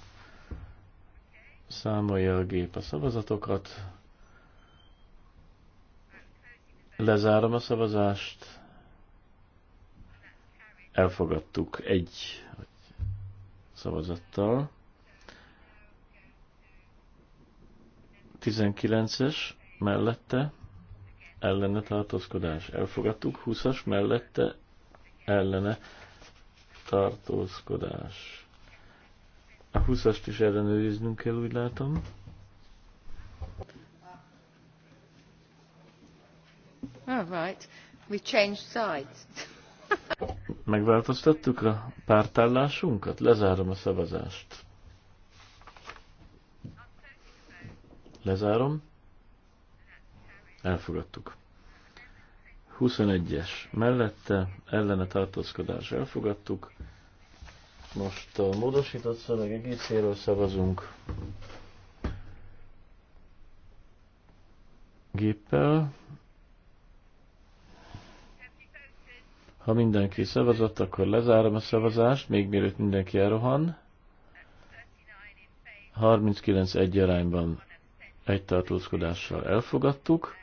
Számolja a gép a szavazatokat. Lezárom a szavazást. Elfogadtuk egy szavazattal. 19-es mellette ellene tartózkodás elfogadtuk, 20-as mellette ellene tartózkodás. A 20-ast is ellenőriznünk kell, úgy látom.
All right. We changed sides.
Megváltoztattuk a pártállásunkat? Lezárom a szavazást. Lezárom elfogadtuk. 21-es mellette ellene tartózkodás elfogadtuk. Most a módosított szöveg egészéről szavazunk. Géppel. Ha mindenki szavazott, akkor lezárom a szavazást, még mielőtt mindenki elrohan. 39 egy arányban egy tartózkodással elfogadtuk.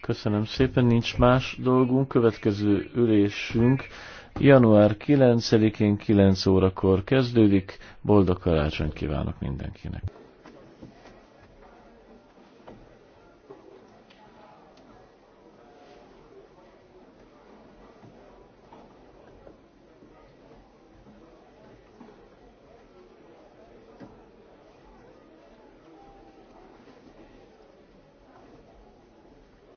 Köszönöm szépen, nincs más dolgunk. Következő ülésünk január 9-én 9 órakor kezdődik. Boldog karácsonyt kívánok mindenkinek!